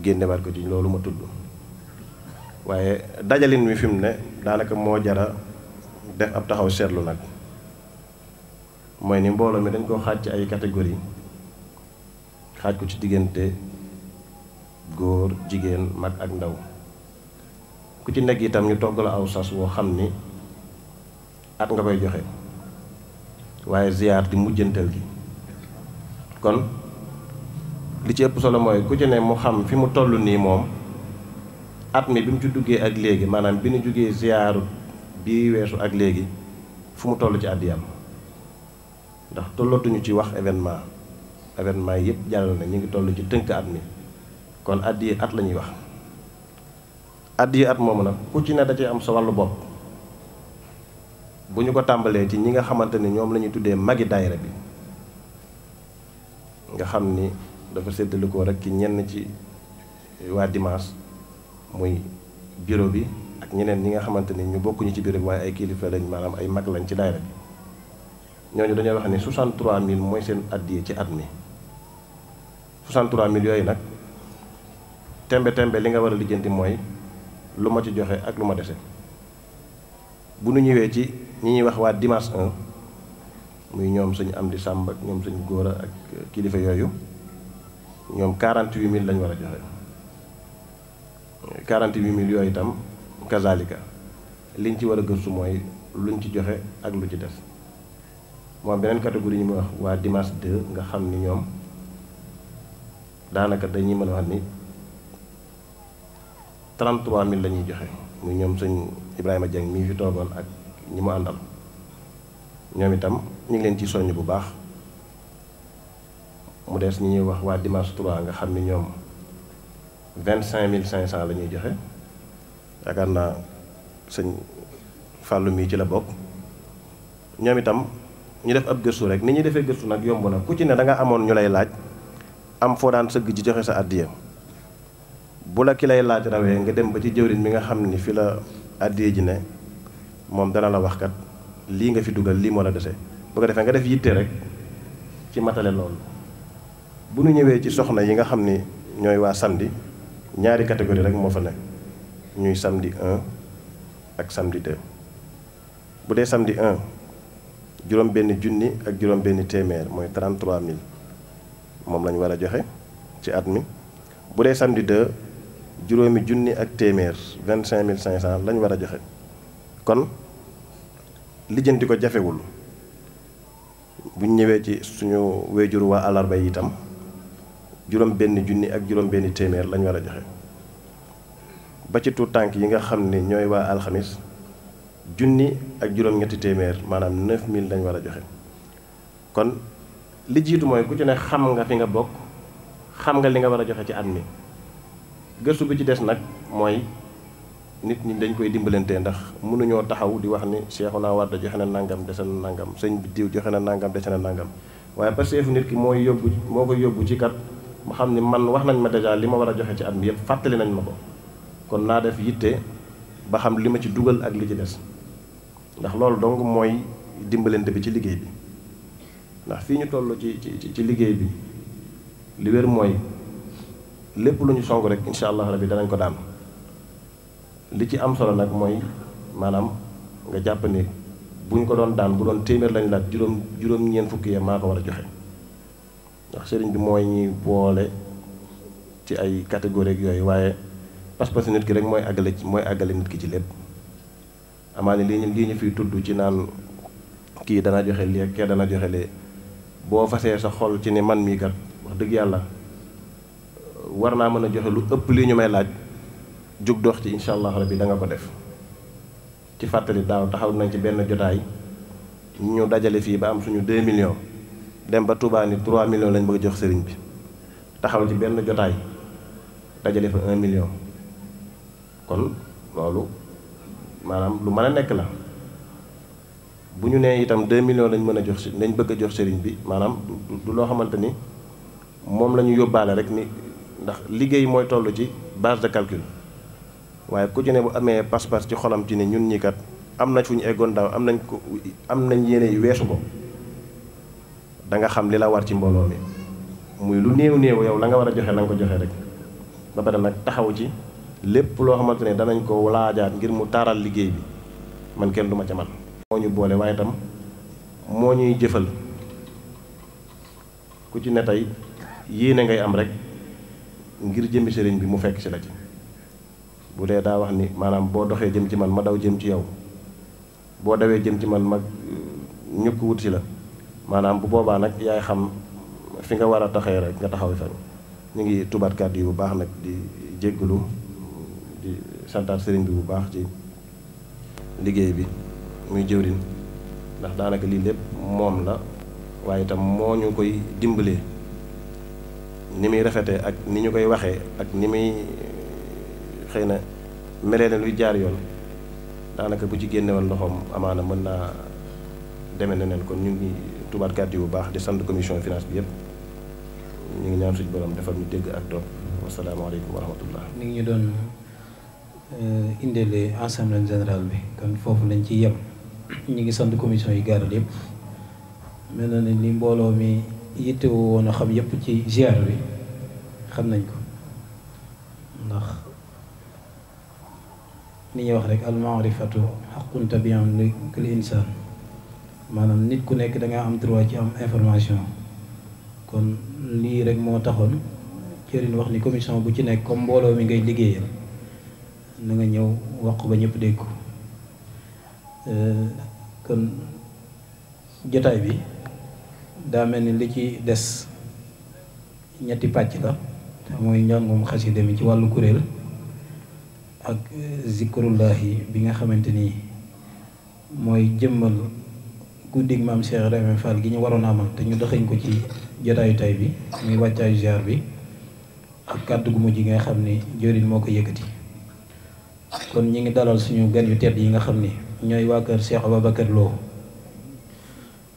génnewaat ko ci loolu ma tudd waaye dajalin wi fi mu ne daanaka moo jara def ab taxaw seetlu nag mooy ni mbooloo mi dañ koo xaaj ci ay catégorie xaaj ko ci diggante góor jigéen mag ak ndaw ku ci nekk itam ñu togg la aw sas woo xam ni at nga koy joxe waaye ziyaar di mujjantal gi kon di ci ëpp solo mooy ku ci ne mu xam fi mu tollu nii moom at mi bi mu ci duggee ak léegi maanaam bi nu jugee ziyaaru bii weesu ak léegi fu mu toll ci àddiyam ndax tollatuñu ci wax événement événement yëpp jàll na ñi ngi tollu ci tënk at mi kon addi at la ñuy wax addi at moomu nag ku ci ne da cee am sa wàllu bopp bu ñu ko tàmbalee ci ñi nga xamante ni ñoom lañuy tuddee magi daayira bi nga xam ni dafa séddalikoo rek ci ñenn ci waa Dimanche muy bureau bi ak ñeneen ñi nga xamante ni ñu bokkuñu ci bureau bi waaye ay kilifa lañ maanaam ay mag lañ ci daayira bi ñooñu dañoo wax ni 63000 mooy seen addiya ci at mi 63000 yooyu nag tembe tembe li nga war a lijjanti mooy lu ma ci joxe ak lu ma dese bu nu ñëwee ci ñi ñuy wax waa Dimanche 1 muy ñoom suñu am di sàmb ñoom suñu góora ak kilifa yooyu. ñoom yu 48000 lañ war a joxe 48000 yooyu itam kazalika liñ ci war a gëstu mooy luñ ci joxe ak lu ci des moom beneen catégorie ñu muy wax waa dimanche 2 nga xam ni ñoom daanaka dañuy mën a wax ni 33000 la lañuy joxe muy ñoom sëñ Ibrahima Dieng mii fi toogoon ak ñi mu àndal ñoom itam ñu ngi leen ci soññ bu baax. mu des ñi ñuy wax waa dimanche 3 nga xam ni ñoom vingt cinq mille cinq cent la ñuy joxe yaakaar naa sëñ fàllu mii ci la bokk ñoom itam ñu def ab gëstu rek ni ñuy defee gëstu nag yomb na ku ci ne da nga amoon ñu lay laaj am foo daan sëgg ci joxe sa addiya bu la ki lay laaj rawee nga dem ba ci jëwriñ mi nga xam ni fi la addiya ji ne moom dana la wax kat lii nga fi dugal lii moo la dese bu defee nga def yitte rek ci matale loolu bu nu ñëwee ci soxna yi nga xam ni ñooy waa samedi ñaari catégorie rek moo fa nekk ñuy samedi 1 ak samedi 2 bu dee samedi 1 juróom benn junni ak juróom benn téeméer mooy 33000 moom lañ war a joxe ci at mi bu dee samedi 2 juróomi junni ak téeméer cinq mille 25500 lañ war a joxe kon lijjanti ko jafewul buñ ñëwee ci suñu wéjur waa àllarba yi itam juróom benn junni ak juróom benn téeméer lañ war a joxe ba ci tuut tànk yi nga xam ne ñooy waa alxamis junni ak juróom-ñetti téeméer maanaam 9000 lañ war a joxe kon li jiitu mooy ku ci ne xam nga fi nga bokk xam nga li nga war a joxe ci at mi gëstu bi ci des nag mooy nit ñi dañ koy dimbalantee ndax mënuñoo taxaw di wax ni seexu naa war joxe na nangam dese na nangam sëñ bi diw joxe na nangam dese na nangam waaye parce que nit ki mooy yóbbu moo yóbbu ci kat mu xam ni man wax nañ ma déjà li ma war a joxe ci at mi yëpp fàttali nañ ma ko kon naa def yitte ba xam li ma ci dugal ak li ci des ndax loolu dong mooy dimbalante bi ci liggéey bi ndax fii ñu toll ci ci ci liggéey bi li wér mooy lépp lu ñu song rek incha allah rabi danañ ko daan li ci am solo nag mooy maanaam nga jàpp ni bu ñu ko doon daan bu doon téeméer lañ laaj juróom juróom ñeen fukki ya maa ko war a joxe. ndax sëriñ bi mooy ñuy boole ci ay catégorie yooyu waaye pas-pasu nit ki rek mooy àggale ci mooy àggale nit ki ci lépp amaane lii ñu lii ñu tudd ci naan kii dana joxe lii ak kee dana joxe lee boo fasee sa xol ci ne man mii kat wax dëgg yàlla war naa mën a joxe lu ëpp lii ñu may laaj jug dox ci incha allah rabbi da nga ko def ci fàttali daaw taxaw nañ ci benn jotaay ñu dajale fii ba am suñu 2 million dem ba Touba ni 3 millions lañ bëgg a jox sëriñ bi taxaw ci benn jotaay dajale fa 1 million kon loolu maanaam lu mën a nekk la bu ñu nee itam 2 millions lañ mën a jox lañ bëgg a jox sëriñ bi maanaam du loo xamante ni moom la ñu yóbbaale rek ni ndax liggéey mooy toll ci base de calcul waaye ku ci ne bu amee pas-pas ci xolam ci ne ñun ñi kat am na fu ñu eggoon daaw am nañ ko am nañ yeneen weesu ko. da nga xam li la war ci mbooloo mi muy lu néew néew yow la nga war a joxe la nga ko joxe rek ba pare nag taxaw ci lépp loo xamante ne danañ ko laajaat ngir mu taaral liggéey bi man kenn du ma ca man moo ñu boole waaye itam moo ñuy jëfal ku ci ne tey yéene ngay am rek ngir jëmmi sëriñ bi mu fekk si la ci bu dee daa wax ni maanaam boo doxee jëm ci man ma daw jëm ci yow boo dawee jëm ci man mag ma euh, ñukk wut ci la maanaam bu boobaa nag yaay xam fi nga war a taxee rek nga taxaw fan ñu ngi tubaat kàddu yi bu baax nag di jéggalu di santaat sëriñ bi bu baax ci liggéey bi muy jëwriñ ndax daanaka lii lépp moom la waaye itam moo ñu koy dimbalee ni muy rafetee ak ni ñu koy waxee ak ni muy xëy na melee na luy jaar yoon daanaka bu ci génnewoon loxoom amaana mën naa deme neneen kon ñu ngi tubaat kàddu yi bu baax di sant commission finance bi yëpp ñu ngi ñaan suñu borom defal ñu dégg ak topp wasalaamaaleykum wa rahmatullah ni ngi ñu doon eh, indeele assemblée général bi kon foofu lañ ci yem ñu ngi sant commission yi gaaral yëpp mel na ne li mbooloo mi yittewoo woon xam yëpp ci ziar bi xam nañ ko ndax ni ñuy wax rek al maarifatu xaqun tabian lil insaan maanaam nit ku nekk da nga am droit ci am information kon lii rek moo taxoon cëriñ wax ni commission bu ci nekk comme mbooloo mi ngay liggéeyal na ñëw wax ba ñépp dégg ko euh, kon jotaay bi daa mel ni li ci des ñetti pàcc la te mooy njàngum xasida mi ci wàllu kuréel ak zikrullahi bi nga xamante ni mooy jëmmal guddig maam Cheikh Ibrahima Fall gi ñu waroon a amal te ñu doxañ ko ci jotaayu tay bi muy wàccaayu ziar bi ak kàdd gu mujj nga xam ni jëriñ moo ko yëkkati kon ñu ngi dalal suñu gan yu tedd yi nga xam ni ñooy waa kër Cheikh Ababacar Lo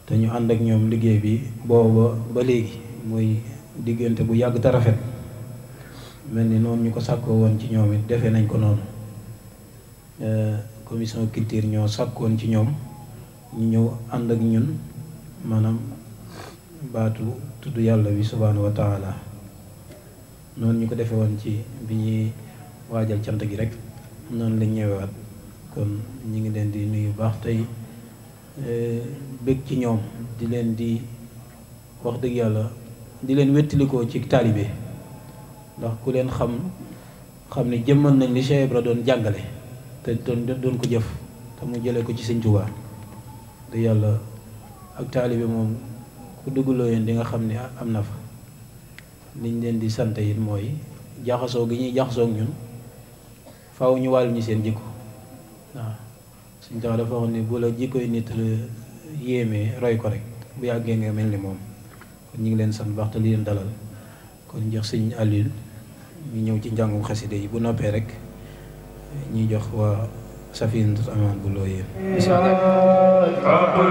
te ñu ànd ak ñoom liggéey bi booba ba léegi muy diggante bu yàgg te rafet mel ni noonu ñu ko sàkkoo woon ci ñoom it defee nañ ko noonu eh, commission culture ñoo sàkkoon ci ñoom ñu ñëw ànd ak ñun maanaam baatu tudd yàlla wi subhaanahu wa taala noonu ñu ko defee woon ci bi ñuy waajal cant gi rek noonu lañ ñëwewaat kon ñu ngi leen di nuyu baax tey eh, bëgg ci ñoom di leen di wax dëgg yàlla di leen wettalikoo ci taalibe ndax ku leen xam xam ne jëmmal nañ li Cheikh Ibra doon jàngale te doon doon ko jëf te mu jëlee ko ci Sëñ Tuubaa te yàlla ak taalibe moom ku dugg yoon di nga xam ne am na fa liñ leen di sant it mooy jaxasoo gi ñuy jaxasoo ak ñun faaw ñu wàll ñu seen jikko waaw suñ tax dafa wax ni bu la jikkoy nit yéemee roy ko rek bu yàggee nga mel ni moom kon ñu ngi leen sant baax te li leen dalal kon jox sëñ Alioune ñu ñëw ci njàngum xaside yi bu noppee rek ñuy jox waa سفينة الأمان بلوية بسم الله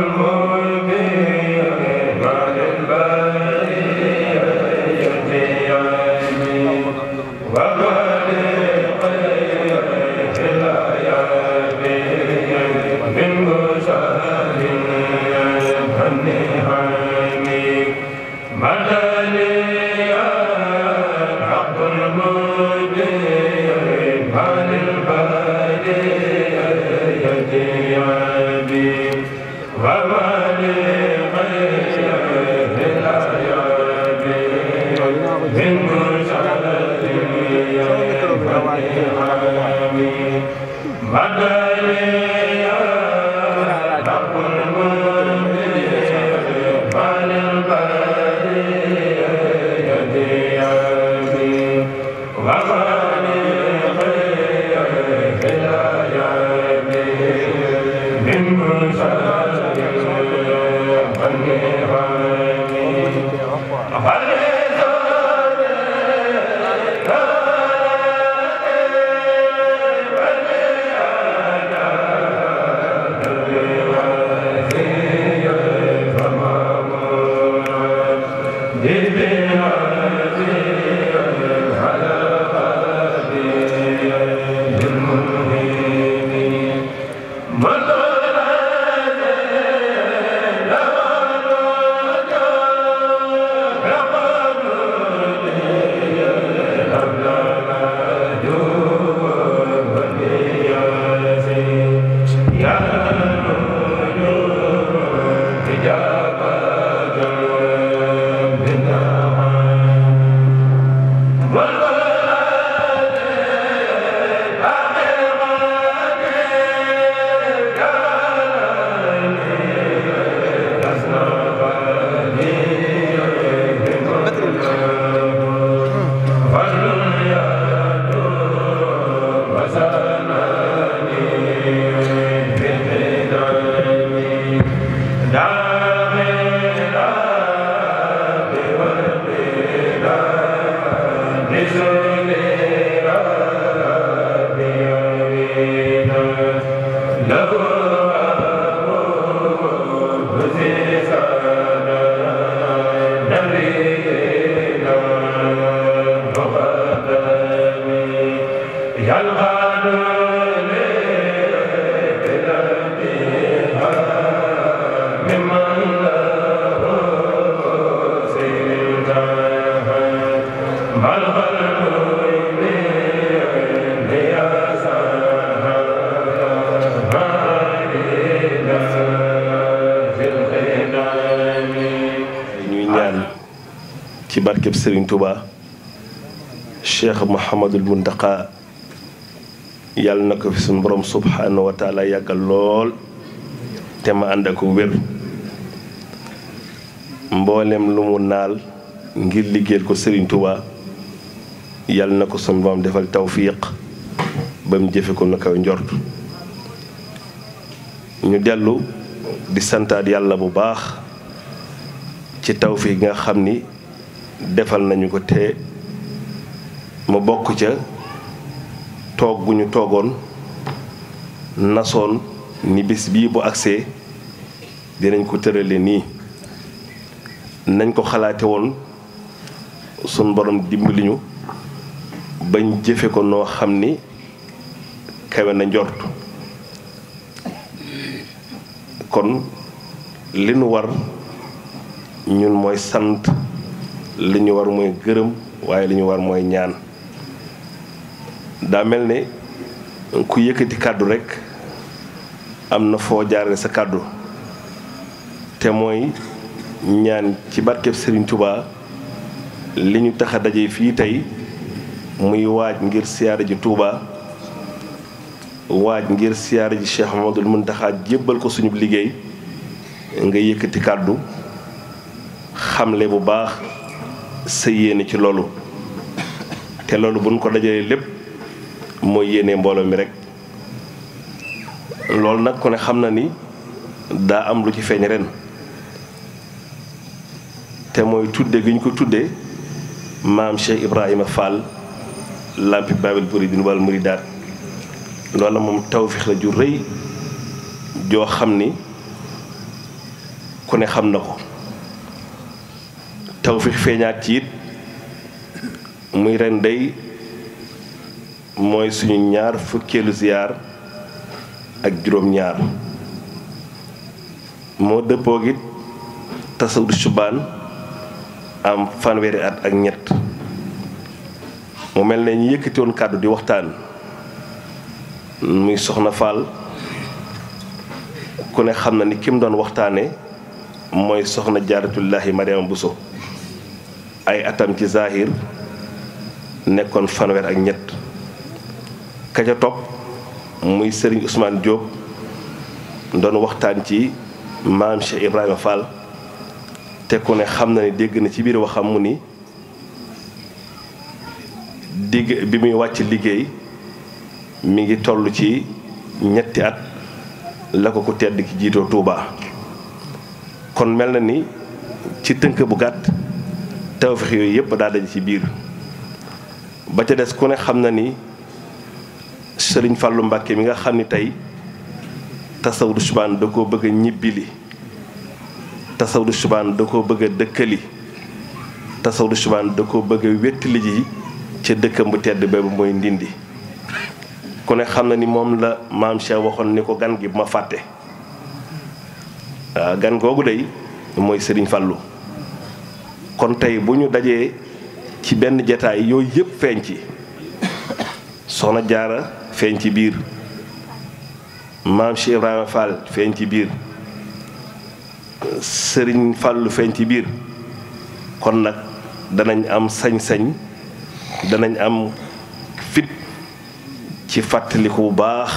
sëriñ Serigne Touba Cheikh Mouhamadul Muntaqa yàlla na ko fi suñu borom subhanahu wa yàggal lool te ma ànd ak wér mboolem lu mu naal ngir liggéeyal ko sëriñ Touba yàlla na ko suñu borom defal tawfiq ba mu jëfe ko na njort ñu dellu di santaat yàlla bu baax ci tawfiq nga xam ni. defal nañu ko te ma bokk ca tooguñu toogoon nasoon ni bis bii bu agsee dinañ ko tërale nii nañ ko xalaate woon sun borom dimbali ñu bañ jëfe ko noo xam ni kawe na njort kon li nu war ñun mooy sant li ñu war mooy gërëm waaye li ñu war mooy ñaan daa mel ne ku yëkkati kàddu rekk am na foo jaarale sa kàddu te mooy ñaan ci barkeb sëriñ Touba li ñu tax a daje fii tey muy waaj ngir siyaare ji Touba waaj ngir siyaare ji Cheikh Mamadul Muntaxa jébbal ko suñu liggéey nga yëkkati kàddu xamle bu baax. sa yéene ci loolu te loolu buñ ko dajalee lépp mooy yéene mbooloo mi rek loolu nag ku ne xam na ni daa am lu ci feeñ ren te mooy tudde gi ñu ko tuddee maam Cheikh Ibrahima Fall lampi Babil Mouridine wal Mouridaat loola moom tawféex la ju rëy joo xam ni ku ne xam na ko tawféex feeñaat ci it muy ren day mooy suñu ñaar fukkeelu ziyaar ak juróom-ñaar moo dëppoo it tasawur subaan am fanweeri at ak ñett mu mel ne ñu yëkkati kàddu di waxtaan muy soxna Fall ku ne xam na ni ki doon waxtaane mooy soxna jaaratullahi Mariama Bousso ay atam ci zahir nekkoon fanweer ak ñett ka muy Serigne Ousmane Diop doon waxtaan ci maam Cheikh Ibrahima Fall te ku ne xam na ne dégg na ci biir waxam mu ni digg bi muy wàcc liggéey mi ngi tollu ci ñetti at la ko ku tedd ki jiitoo tuuba kon mel na ni ci tënk bu gàtt. tawfeex yooyu yëpp daa daje ci biir ba ca des ku ne xam na ni sëriñ Fàllu Mbàkke mi nga xam ni tey tasawdu subaan da koo bëgg a ñibbili tasawdu subaan da koo bëgg a dëkkali tasawdu subaan da ko bëgg a ji ca dëkkam bu tedd boobu mooy ndindi ku ne xam na ni moom la maam Cheikh waxoon ni ko gan gi bu ma fàtte gan googu day mooy sëriñ fallu kon tey bu ñu dajee ci benn jataay yooyu yëpp feeñ ci soxna jaara feeñ ci biir maam Cheikh Ibrahima feeñ ci biir sëriñ Fallu feeñ ci biir kon nag danañ am sañ-sañ danañ am fit ci fàttaliku bu baax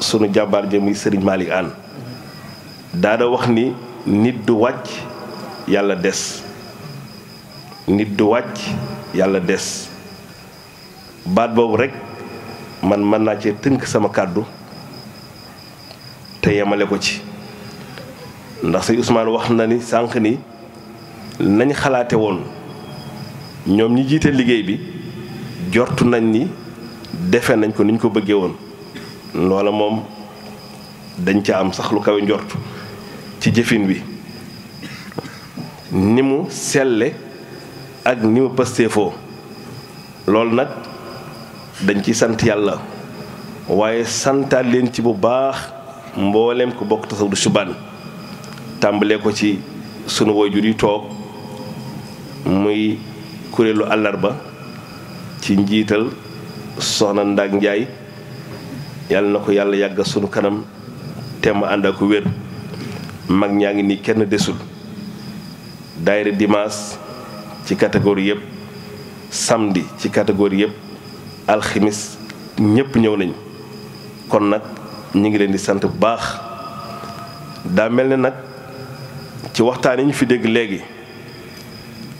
sunu jàmbaar ja muy sëriñ Malick Anne daada wax ni nit du wàcc yàlla des nit du wàcc yàlla des baat boobu rekk man mën naa cee tënk sama kàddu te yemale ko ci ndax sëñ Ousmane wax na ni sànq ni nañ xalaate woon ñoom ñi jiite liggéey bi jortu nañ ni defe nañ ko niñ ko bëggee woon loola moom dañ ca am sax lu kawe njort ci jëfin bi ni mu selle ak ni ma pastéefoo loolu nag dañ ci sant yàlla waaye santaat leen ci bu baax mbooleem ko bokk tasaw du subaan tàmbalee ko ci sunu waajur yi toog muy kuréelu àllarba ci njiital soxna Ndak Njaay yàlla na ko yàlla yàggal sunu kanam te ma ànd ak wér mag ñaa ngi ni kenn desul daayira dimaas ci catégorie yëpp samedi ci catégorie yëpp alximis ñëpp ñëw nañ kon nag ñu ngi leen di sant bu baax daa mel ne nag ci waxtaan yi ñu fi dégg léegi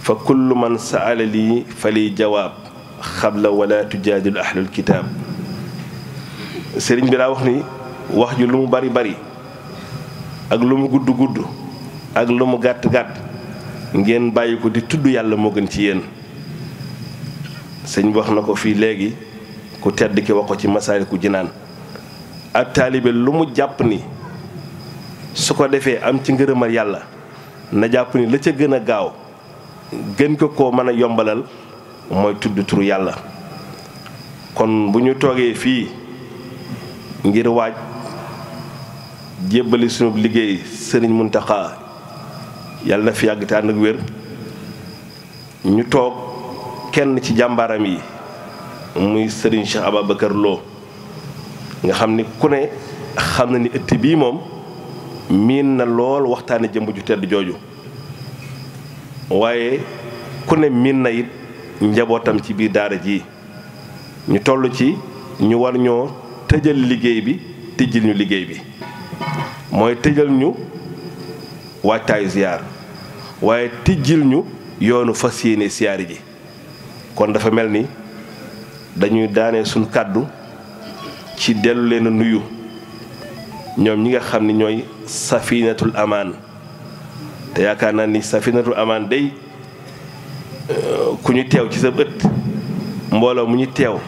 fa kullu man saala lii fa liy jawaab xabla wala tujaadilu ahlul kitaab sëriñ bi daa wax ni wax ju lu mu bari bari ak lu mu gudd gudd ak lu mu gàtt gàtt ngeen bàyyi di tudd yàlla moo gën ci yéen sëñ bi wax na ko fii léegi ku tedd ki wax ko ci masaaliku jinaan ab taalibe lu mu jàpp ni su ko defee am ci ngërëmal yàlla na jàpp ni la ca gën a gaaw gën ko ko mën a yombalal mooy tudd turu yàlla kon bu ñu toogee fii ngir waaj jébbali sunub liggéey sëriñ Muntaxa yàlla na fi àgg te ànd ak wér ñu toog kenn ci jàmbaaram yi muy Serigne Cheikh Ababacar Lo nga xam ni ku ne xam na ni ëtt bii moom miin na lool waxtaane jëmb ju tedd jooju waaye ku ne miin na it njabootam ci biir daara ji ñu toll ci ñu war ñoo tëjal liggéey bi tëjil ñu liggéey bi mooy tëjal ñu waajtaayu ziyaar waaye tijjil ñu yoonu fas yéene siyaari ji kon dafa mel ni dañuy daane suñu kàddu ci dellu leen a nuyu ñoom ñi nga xam ni ñooy safiinatul amaan te yaakaar naa ni safinatul amaan day ku ñu teew ci sa bët mbooloo mu ñu teew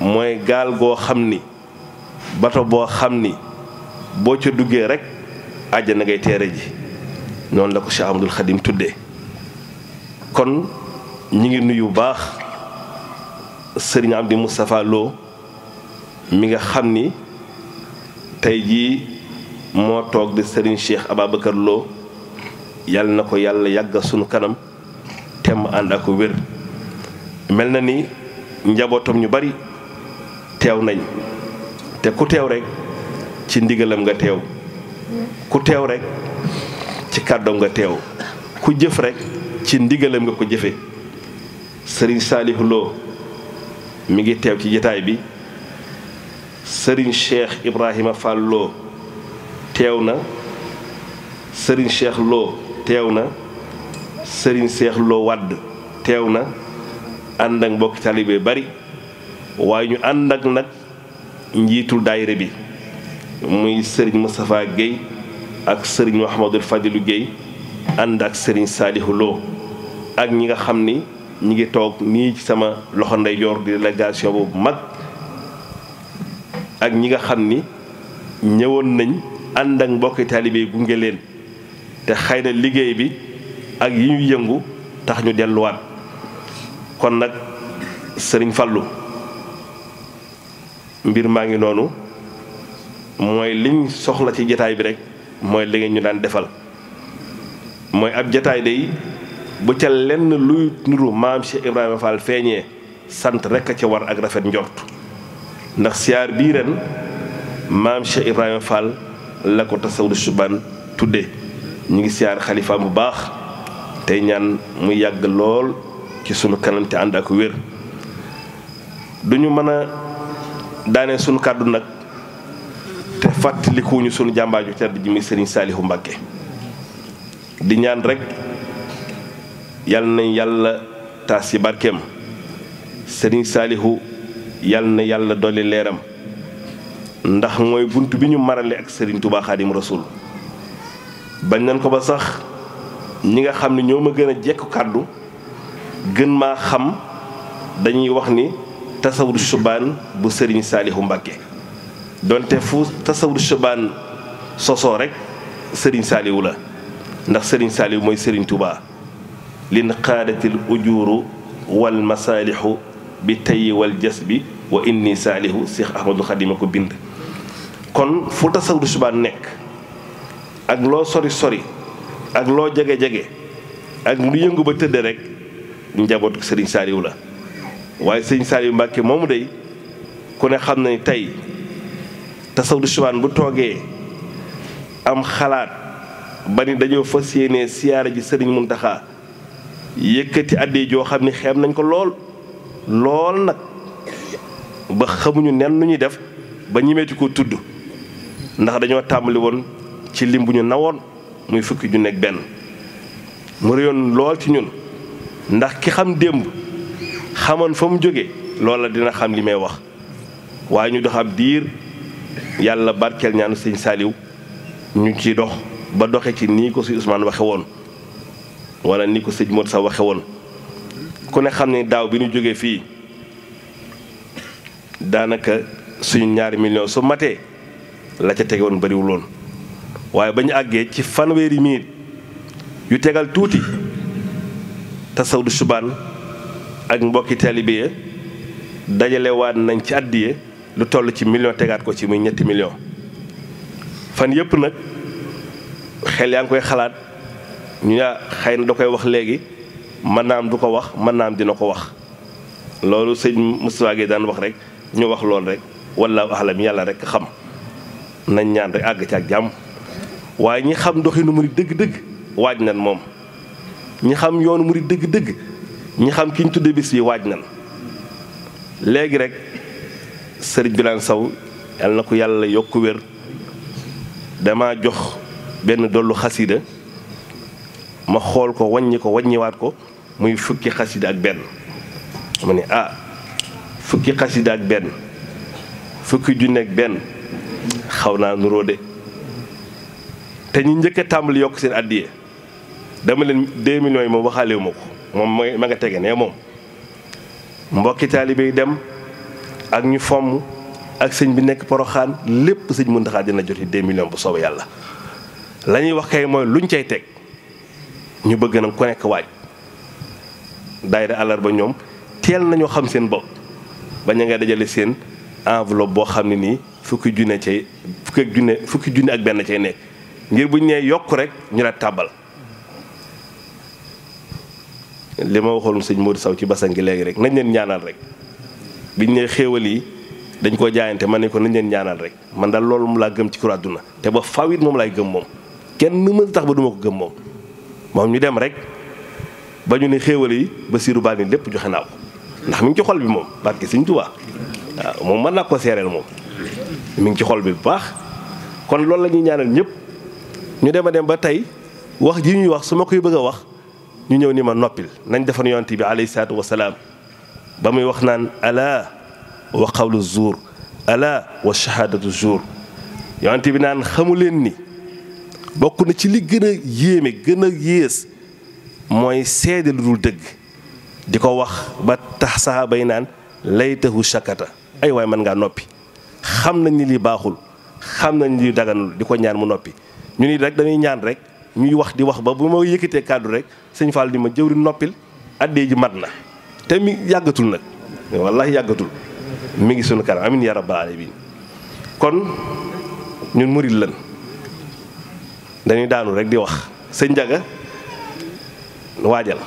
mooy gaal goo xam ni bato boo xam ni boo ca duggee rekk àjjana ngay teere ji noonu la ko ci Ahmadul Xadim tudde kon ñi ngi nuyu bu baax sëriñ Amdi Moustapha Lo mi nga xam ni tey jii moo toog di sëriñ Cheikh Ababacar Lo yàlla na ko yàlla yàgg sunu kanam te mu ànd ak wér mel na ni njabootam ñu bari teew nañ te ku teew rek ci ndigalam nga teew ku teew rekk ci kàddoom nga teew ku jëf rekk ci ndigalam nga ko jëfe sëriñ Saalihu Lo mi ngi teew ci jataay bi sëriñ Cheikh Ibrahima Fall Lo teew na sëriñ Cheikh teew na sëriñ Cheikh Lo Wadd teew na ànd ak mbokki taalibe bari waaye ñu ànd ak nag njiitul daayira bi muy sëriñ Moustapha Guèye ak sëriñ Mouhamadul Fadilu liggéey ànd ak sëriñ Saalihu Lo ak ñi nga xam ni ñi ngi toog nii sama loxo ndeyjoor di délégation boobu mag ak ñi nga xam ni ñëwoon nañ ànd ak mbokki taalibe gunge leen te xëy na liggéey bi ak yi ñu yëngu tax ñu delluwaat kon nag sëriñ fallu mbir maa ngi noonu mooy liñ soxla ci jataay bi rek mooy li ñu daan defal mooy ab jataay day bu ca lenn luy nuru maam Cheikh Ibrahima Fall feeñee sant rek a ca war ak rafet njort ndax siyaar bii ren maam Cheikh Ibrahima Fall la ko tasawdu suban tudde ñu ngi siyaar xalifaam bu baax tey ñaan mu yàgg lool ci sunu kanam te ànd ak wér duñu mën a daane sunu kàddu nag te fàttalikuñu sunu jàmbaar ju tedd ji muy Serigne Saliou Mbacké di ñaan rek yal na yàlla taas ci barkeem Serigne Saliou yal na yàlla dolli leeram ndax mooy bunt bi ñu marale ak Serigne Touba Khadim Rasoul bañ nañ ko ba sax ñi nga xam ne ñoo ma gën a jekku kàddu gën maa xam dañuy wax ni tasawur subaan bu Serigne Saliou Mbacké donte fu tasawur chebaan sosoo rek sëriñ saaliwu la ndax sëriñ saaliwu mooy sëriñ tubaa lin qaadatil ujuuru wal masaalixu bi tey wal jas bi wa indi saalihu Cheikh Ahmadou Khadim ko bind kon fu tasawur chebaan nekk ak loo sori sori ak loo jege jege ak lu yëngu ba tëdd rek njabootu sëriñ saaliwu la waaye sëriñ saaliwu mbàkke moomu day ku ne xam na ni tey te sawdu subaan bu toogee am xalaat ba ni dañoo fas yéene siyaara ji sëriñ muntaxa yëkkati àddee joo xam ni xeeb nañ ko lool lool nag ba xamuñu nen lu ñuy def ba ñimeeti ko tudd ndax dañoo tàmbali woon ci lim bu ñu nawoon muy fukki ju nekk benn mu réyoon lool ci ñun ndax ki xam démb xamoon fa mu jóge loola dina xam li may wax waaye ñu dox diir yàlla barkeel ñaanu sëñ Saaliw ñu ci dox ba doxe ci nii ko sëñ Ousmane waxe woon wala ni ko sëñ Modou sa waxe woon ku ne xam ne daaw bi ñu jógee fii daanaka suñu ñaari million su matee la ca tege woon bariwul waaye ba ñu àggee ci fanweeri minit yu tegal tuuti tasawdu subaan ak mbokki taalibe ya dajale waat nañ ci àddiye lu toll ci million tegaat ko ci muy ñetti million fan yëpp nag xel yaa ngi koy xalaat ñu ne xëy na da koy wax léegi mën naa am du ko wax mën naa am dina ko wax loolu sëñ Moustapha Gueye daan wax rek ñu wax loolu rek wallaahu a'lam yàlla rek xam nañ ñaan rek àgg ci ak jàmm waaye ñi xam doxinu murid dëgg-dëgg waaj nan moom ñi xam yoonu mu ni dëgg-dëgg ñi xam ki ñu tudde bis yi waaj nan léegi rek sëriñ Birane saw yàlla na ko yàlla yokk wér dama jox benn dollu xasida ma xool ko waññi ko waññiwaat ko muy fukki xasida ak benn ma ne ah fukki xasida ak benn fukki junne ak benn xaw naa nuróo de te ñu njëkk a tàmbali yokk seen àddiye dama leen 2 millions yi moom waxaalewu ma ko moom ma nga tege ne moom mbokki taalibe yi dem ak ñu fomm ak sëñ bi nekk poroxaan lépp sëñ Muntaxa dina jot yi deux millions bu soobee yàlla lañuy wax kay mooy luñ cay teg ñu bëgg nag ku nekk waaj daayira ba ñoom teel nañoo xam seen bopp ba ña nga dajale seen enveloppe boo xam ne nii fukki junne cay fukki junne fukki junne ak benn cay nekk ngir buñ nee yokk rek ñu la tàbbal li ma waxoon sëñ Modou Sow ci basan gi léegi rek nañ leen ñaanal rek biñ ne xéewal yi dañ koo jaayante man ne ko nañ leen ñaanal rek man daal loolu mu laa gëm ci kura àdduna te ba faw it moom laay gëm moom kenn mën tax ba duma ko gëm moom moom ñu dem rek ba ñu ne xéewal yi ba siiru baa ni lépp joxe naa ko ndax mi ngi ci xol bi moom barke Sëñ Tuubaa waaw moom mën naa ko seereel moom mu ngi ci xol bi bu baax kon loolu la ñuy ñaanal ñëpp ñu dem a dem ba tey wax ji ñuy wax su ma koy bëgg a wax ñu ñëw nii ma noppil nañ defan yonent bi alayhi salaatu wasalaam ba muy wax naan ala wa qawlu zuur ala wa shahaadatu zuur yonent bi naan xamu leen ni bokk na ci li gën a yéeme gën a yées mooy seede lu dul dëgg di ko wax ba tax saxaaba yi naan laytahu shakata ay waay man ngaa noppi xam na ni li baaxul xam nañ li daganul di ko ñaan mu noppi ñu ni rek dañuy ñaan rek ñuy wax di wax ba bu ma yëkkatee kàddu rek sëñ Fall di ma jëwri noppil addee ji mat na te mi yàggatul nag wallahi yàggatul mi ngi sunu kanam amin ya rabbal alamin kon ñun murid lan dañuy daanu rek di wax sëñ Njaga waajal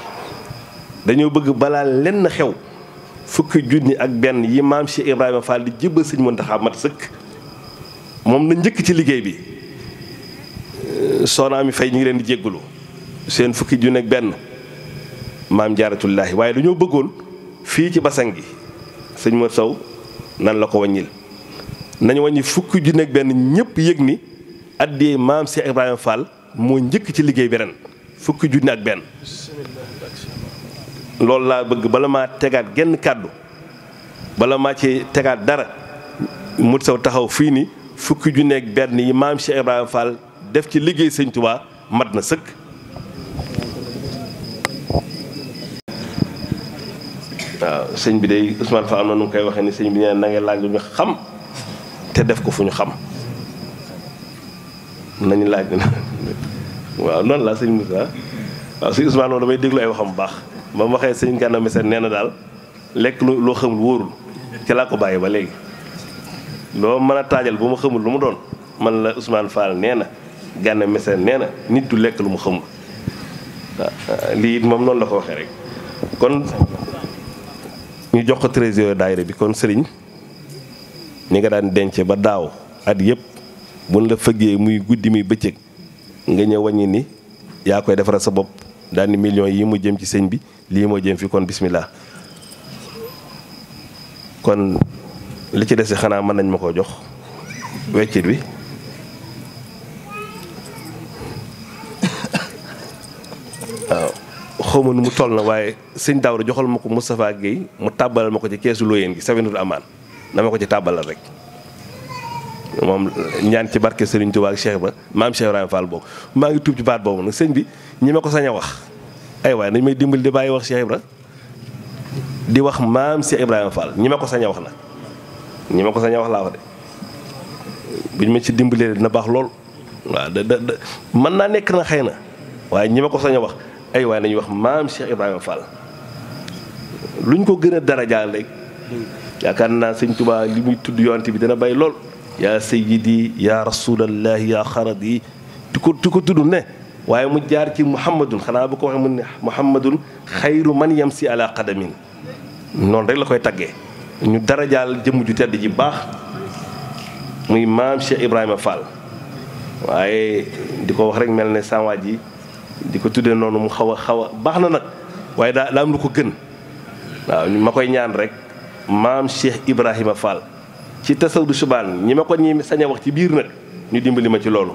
dañoo bëgg balaa lenn xew fukki junni ak benn yi maam Cheikh Ibrahima Fall di jébbal sëñ Mountakha mat sëkk moom la njëkk ci liggéey bi soxna mi fay ñu ngi leen di jéggulu seen fukki junni ak benn maam jaaratullaahi waaye dañoo bëggoon fii ci basang gi sëñ Mor Sow nan la ko wàññil nañu wàññi fukki junne ak benn ñëpp yëg ni addiyee maam Cheikh Ibrahima Fall moo njëkk ci liggéey bi ren fukki junne ak benn loolu laa bëgg bala maa tegaat genn kàddu bala maa ci tegaat dara mu saw taxaw fii ni fukki junne ak benn yi maam Cheikh Ibrahima Fall def ci liggéey sëñ Tuubaa mat na sëkk sëñ bi day Ousmane Fall am na nu koy waxee ni sëñ bi nee na ngay laaj lu ñu xam te def ko fu ñu xam nañu laaj waaw noonu laa sëñ Moussa waaw si Ousmane moom damay déglu ay waxam bu baax ba mu waxee sëñ gànna Messere nee na daal lekk loo xamul wóorul ci laa ko bàyyi ba léegi loo mën a taajal bu ma xamul lu mu doon man la usmaan Fall nee na Gana Messere nee na nit du lekk lu mu xamul waaw lii it moom noonu la ko waxee rek ñu jox ko trésor daayira bi kon sëriñ ni nga daan denc ba daaw at yëpp buñ la fëggee muy guddi muy bëccëg nga ñëw waññi ni yaa koy defaral sa bopp daal ni millions yi mu jëm ci sëñ bi lii moo jëm fi kon bismillah kon li ci dese xanaa mën nañ ma koo jox weccit bi xaw ma nu mu toll na waaye sëñ Daawda joxal ma ko Moustapha Guèye mu tàbbalal ma ko ci keesu looyeen gi sawenul amaan dama ko ci tàbbalal rek moom ñaan ci barke Serigne Touba ak Cheikh ba maam Cheikh Ibrahima Fall boobu maa ngi tuub ci baat boobu nag sëñ bi ñi ma ko sañ a wax ay waaye nañ may dimbali di bàyyi wax di wax maam Cheikh Ibrahima Fall ko sañ a wax na ñi ma ko sañ a wax laa wax de buñ ma ci dimbalee dina baax lool waaw da da mën naa nekk na xëy na waaye ñi ma ko sañ a wax ay waay nañu wax maam Cheikh Ibrahima Fall luñ ko gën a darajaal rek yaakaar naa sëñ Tuubaa li muy tudd yonte bi dana bay lool yaa sayyidi yaa rasulallahi yaa xarat yi di ko di ko tudd ne waaye mu jaar ci muhammadun xanaa bu ko waxee mu ne muhammadun xayru man yam si ala qadamin noonu rek la koy taggee ñu darajaal jëmm ju tedd ji baax muy maam Cheikh Ibrahima Fall waaye di ko wax rek mel ne sanwaaj yi di ko tuddee noonu mu xaw a xaw a baax na nag waaye daa am lu ko gën waaw ma koy ñaan rek maam Cheikh Ibrahima Fall ci tasawdu subaan ñi ma ko ñi sañ a wax ci biir nag ñu dimbali ma ci loolu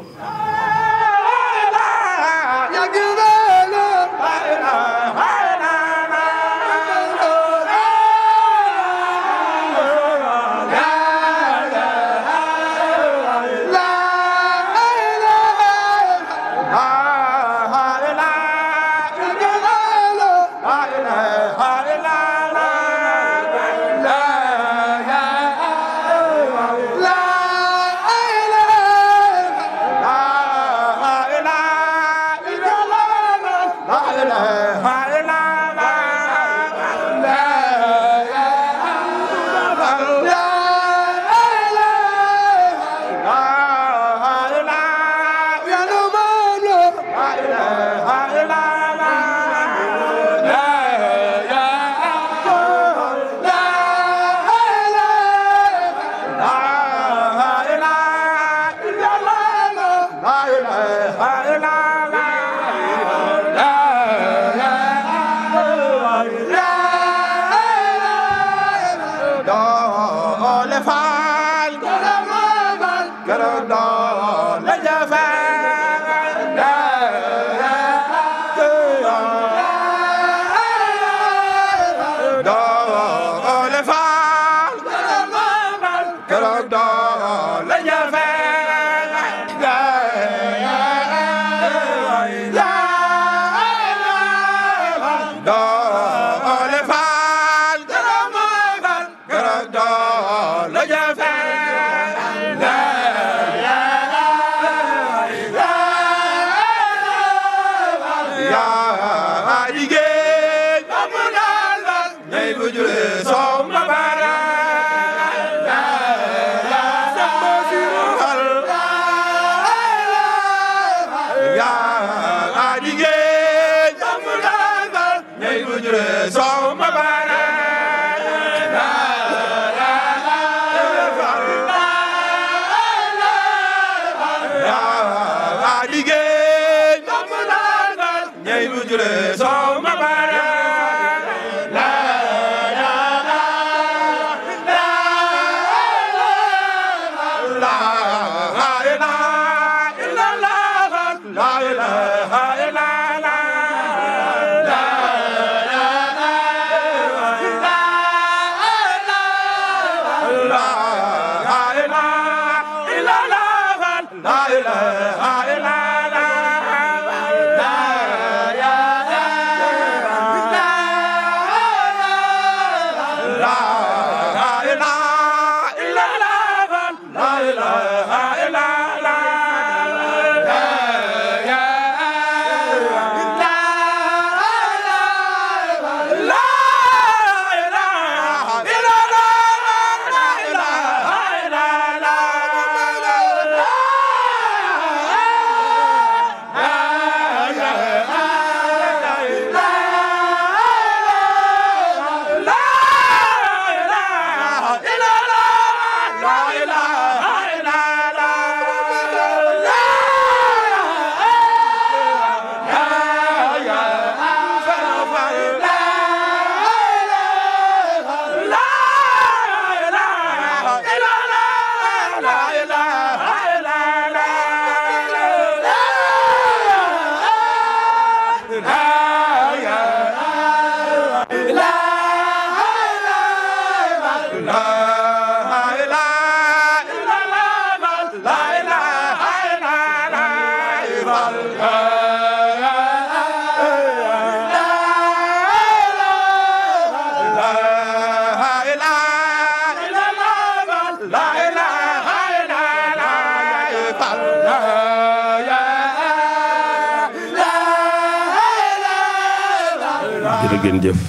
jëf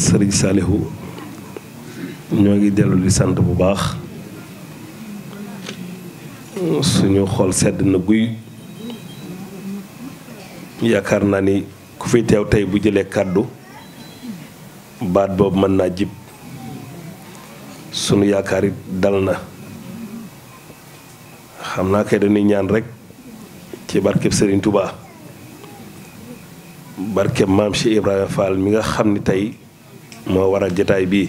sëriñ Saalihu ñoo ngi dellu sant bu baax suñu xol sedd na guy yaakaar naa ni ku fi teew tey bu jëlee kàddu baat boobu mën naa jib sunu yaakaar it dal na xam naa kay dañuy ñaan rekk ci barkeb Sëriñ Tubaa barke maam Cheikh Ibrahima Fall mi nga xam ni tey moo a jataay bii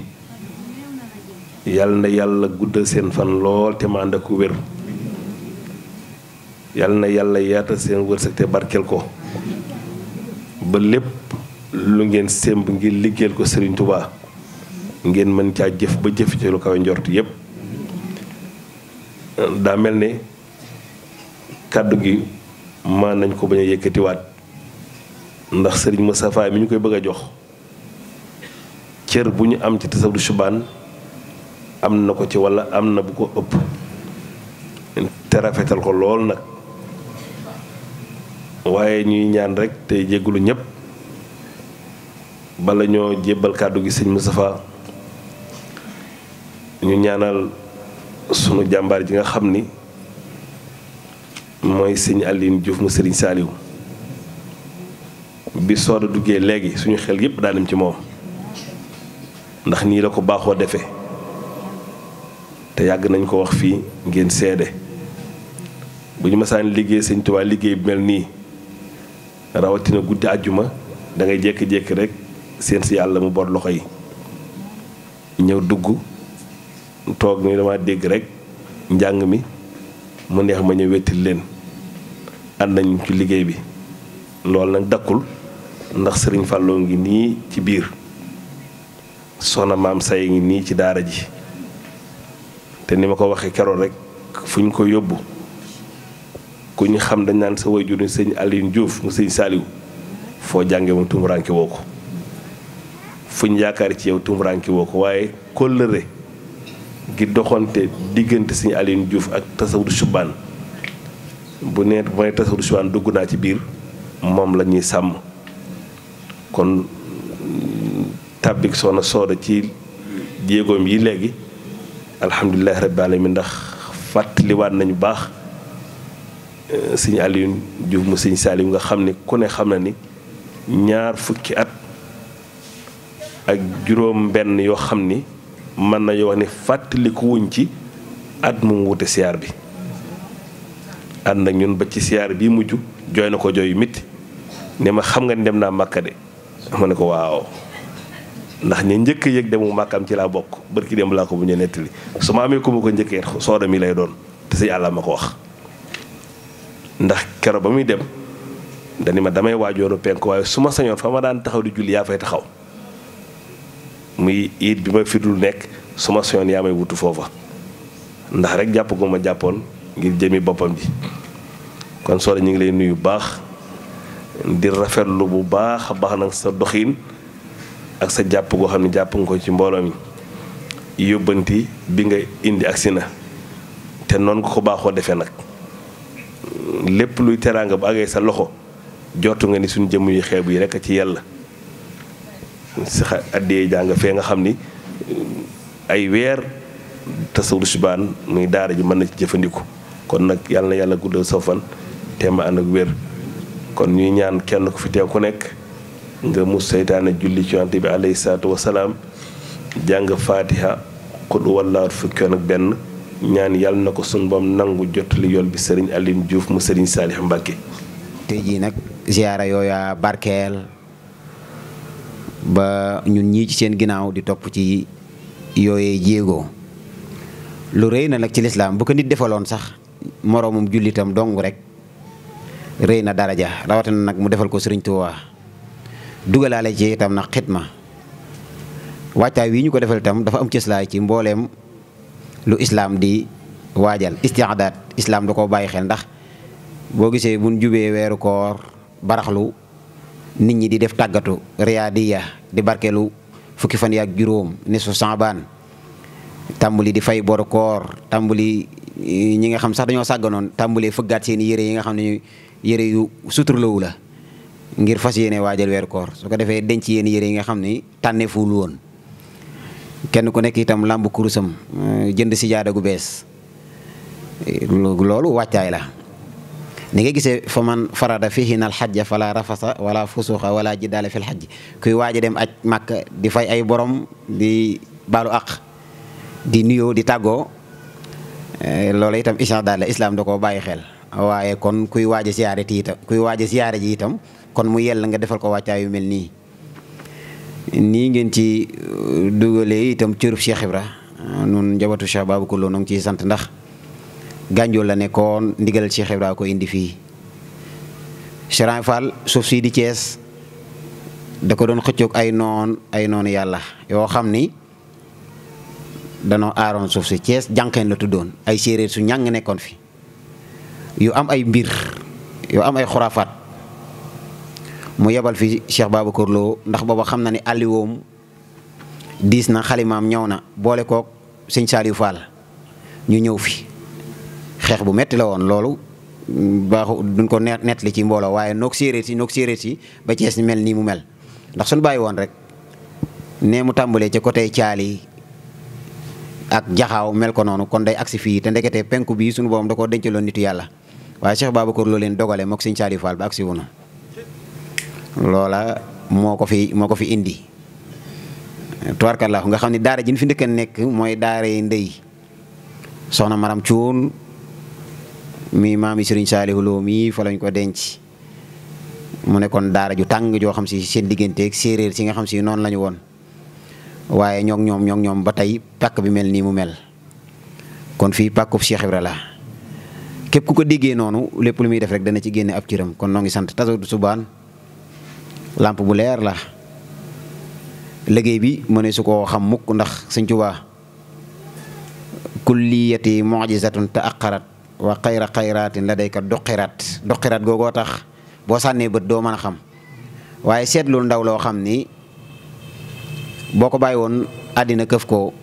yàlla na yàlla guddal seen fan lool te ma ànd ak wér yàlla na yàlla yaatal seen wërsëg te barkeel ko ba lépp lu ngeen sémb ngir liggéeyal ko Serigne Touba ngeen mën caa jëf ba jëf ci lu kawe njort yépp daa mel ne kàddu gi maa nañ ko bañuy a yëkkatiwaat ndax sëriñ Moustapha mi ñu koy bëgg a jox cër bu ñu am ci tasawdu subaan am na ko ci walla am na bu ko ëpp te rafetal ko lool nag waaye ñuy ñaan rekk te jéggulu ñépp bala ñoo jébbal kàddu gi sëñ Moustapha ñu ñaanal sunu jàmbaar ji nga xam ni mooy sëñ Alioune Diouf mu sëriñ Saaliw bi sooda duggee léegi suñu xel yépp daa dem ci moom ndax nii la ko baaxoo defee te yàgg nañ ko wax fii ngeen seede bu ñu masaan liggéey sëñ Tuubaa liggéey bi mel nii rawatina guddi àjjuma da ngay jékki-jékki rek seen si yàlla mu bor loxo yi ñëw dugg toog ni dama dégg rek njàng mi mu neex ma ñëw wettil leen ànd nañ ci liggéey bi loolu nag dakkul ndax sëriñ fàlloo ngi nii ci biir soxna maam say ngi nii ci daara ji te ni ma ko waxee keroog rekk fu ñu ko yóbbu ku ñu xam dañ naan sa wayjur ni sëñ Alioune juuf nga sëñ saaliw foo jànge moom tumuraanke woo ko fu ñu yaakaar ci yow tumuraanke woo ko waaye kóllëre gi doxante diggante sëñ Alioune juuf ak tasawudu subaan bu nee bu may tasawudu subaan dugg naa ci biir moom lañuy sàmm kon tàbbik soxna sooda ci jéegoom yi léegi alhamdulilah rabbi alamin ndax fàttaliwaat nañu baax euh, sëñ Alioune Diouf mu sëñ Saliou nga xam ni ku ne xam na ni ñaar fukki at ak juróom benn yoo xam ni mën nañoo wax ni fàttaliku ci at mu wute siyaar bi ànd ak ñun ba ci siyaar bi mujj jooy na ko jooy yu mitti ne ma xam nga ni dem naa Màkka de ma ne ko waaw ndax ña njëkk yëg demu màkkam ci laa bokk barki dem laa ko bu ñu nettali su ma amee ku ma ko njëkkee sooda mi lay doon te sëñ àlla ma ko wax ndax kero ba muy dem dani ma damay waajoonu penk waaye su ma sañoon fa ma daan taxaw di julli yaa fay taxaw muy it bi ma firdul nekk su ma sañoon yaa may wutu foofa ndax rek jàpp gu ma jàppoon ngir jëmi boppam ji kon sooda ñu ngi lay nuyu baax di rafetlu bu baax a baax nag sa doxin ak sa jàpp goo xam ne jàpp nga ko ci mbooloo mi yóbbanti bi nga indi agsi na te noonu nga ko baaxoo defee nag lépp luy teraanga bu agee sa loxo jotu nga ni suñ jëmm yu xeebu yi rek ci yàlla si xa addee fee nga xam ni ay weer tasawul subaan muy daara ji mën na ci jëfandiku kon nag yàlla yàlla guddal sa fan te ma ànd ak wér kon ñuy ñaan kenn ku fi teew ku nekk nga mus seytaane julli ci yonante bi alayhi salaatu wasalaam jàng faatiha xul walla fukki yoon ak benn ñaan yàlla na ko sun boom nangu jotali yoon bi sëriñ Alioune Diouf mu sëriñ Saalix Mbàkke tey jii nag ziyaara yooya barkeel ba ñu ñii ci seen ginnaaw di topp ci yooyee jéego lu rëy na nag ci lislaam bu ko nit defaloon sax moroomum jullitam dong rek rëy na daraja rawatina nag mu defal ko Sëriñ Tuubaa dugalaale ci itam na xitma waajtaay wii ñu ko defal itam dafa am cëslaay ci mbooleem lu islaam di waajal istiadaat islaam da koo bàyyi xel ndax boo gisee buñ jubee weeru koor baraxlu nit ñi di def tàggatu riyaadiya di barkeelu fukki fan yaak juróom ne su saabaan tàmbali di fay boru koor tàmbali eh, ñi nga xam sax dañoo sàgganoon tàmbalee fëggaat seen yére yi nga xam ne yére yu suturlawu la ngir fas yéene waajal weer koor su ko defee denc yéen yére yi nga xam ni tànneeful woon kenn ku nekk itam làmb kurusam euh, jënd si jaada gu bees loolu wàccaay la ni nga gisee fa man farada fihi xaj xajja fala rafasa wala fusuxa wala jiddaale fil waaj a dem aj màkk di fay ay borom di baalu aq di nuyoo di tàggoo euh, loola itam isaan daal islaam da koo bàyyi xel waaye kon kuy waaj a siyaare kuy waaj a ji itam kon mu yell nga defal ko wàccaay yu mel nii nii ngeen ci uh, dugalee itam cërub Cheikh Ibra uh, nun njabootu Cheikh Baba Coullo noo ngi ciy sant ndax gànjool la nekkoon ndigalal Cheikh Ibra ko indi fii Serigne Fall suuf sii di Thiès da ko doon xëccoog ay noon ay noonu yàlla yoo xam ni danoo aaroon suuf si Thiès jànqeen la doon ay séeréer su ñàng nekkoon fi yu am ay mbir yu am ay xuraafaat mu yebal fi Cheikh Babacar Lo ndax booba xam na ni àlliwoom diis na xalimaam ñëw na boole kook sëñ Saliou Fall ñu ñëw fi xeex bu metti la woon loolu baaxu duñ ko net net li ci mbooloo waaye noog séeréer si noog séeréer si ba Cees ni mel nii mu mel ndax suñ bàyyi woon rek nee mu tàmbalee ca côté Caali ak jaxaaw mel ko noonu kon day agsi fii te ndekete penku bii suñu borom da koo dencaloon nitu yàlla waaye Cheikh Babacar loo leen dogale mook sëñ Saaliw faal ba ak si wunu loola moo ko fi moo ko fi indi tubaarkallaahu nga xam ni daara ji ñu fi njëkk nekk mooy daara yi ndey soxna maram cuun mi maam yi sëriñ Saaliw Lo mii fa lañ ko denc mu nekkoon daara ju tàng joo xam si seen digganteeg séeréer si nga xam si noonu la woon waaye ñoog ñoom ñoom ba tey pàkk bi mel nii mu mel kon fii pàkkub Cheikh Ibra la képp ku ko déggee noonu lépp lu muy def rek dana ci génne ab ciram kon noo ngi sant Tazawudu Subaan làmp bu leer la liggéey bi mu su koo xam mukk ndax Sëñ Tuubaa kulliyati mujizatun ta aqarat wa xayra xayraatin la dayka doqiraat doqiraat googoo tax boo sànnee bët doo mën a xam waaye seetlul ndaw loo xam ni boo ko bàyyi woon àddina këf ko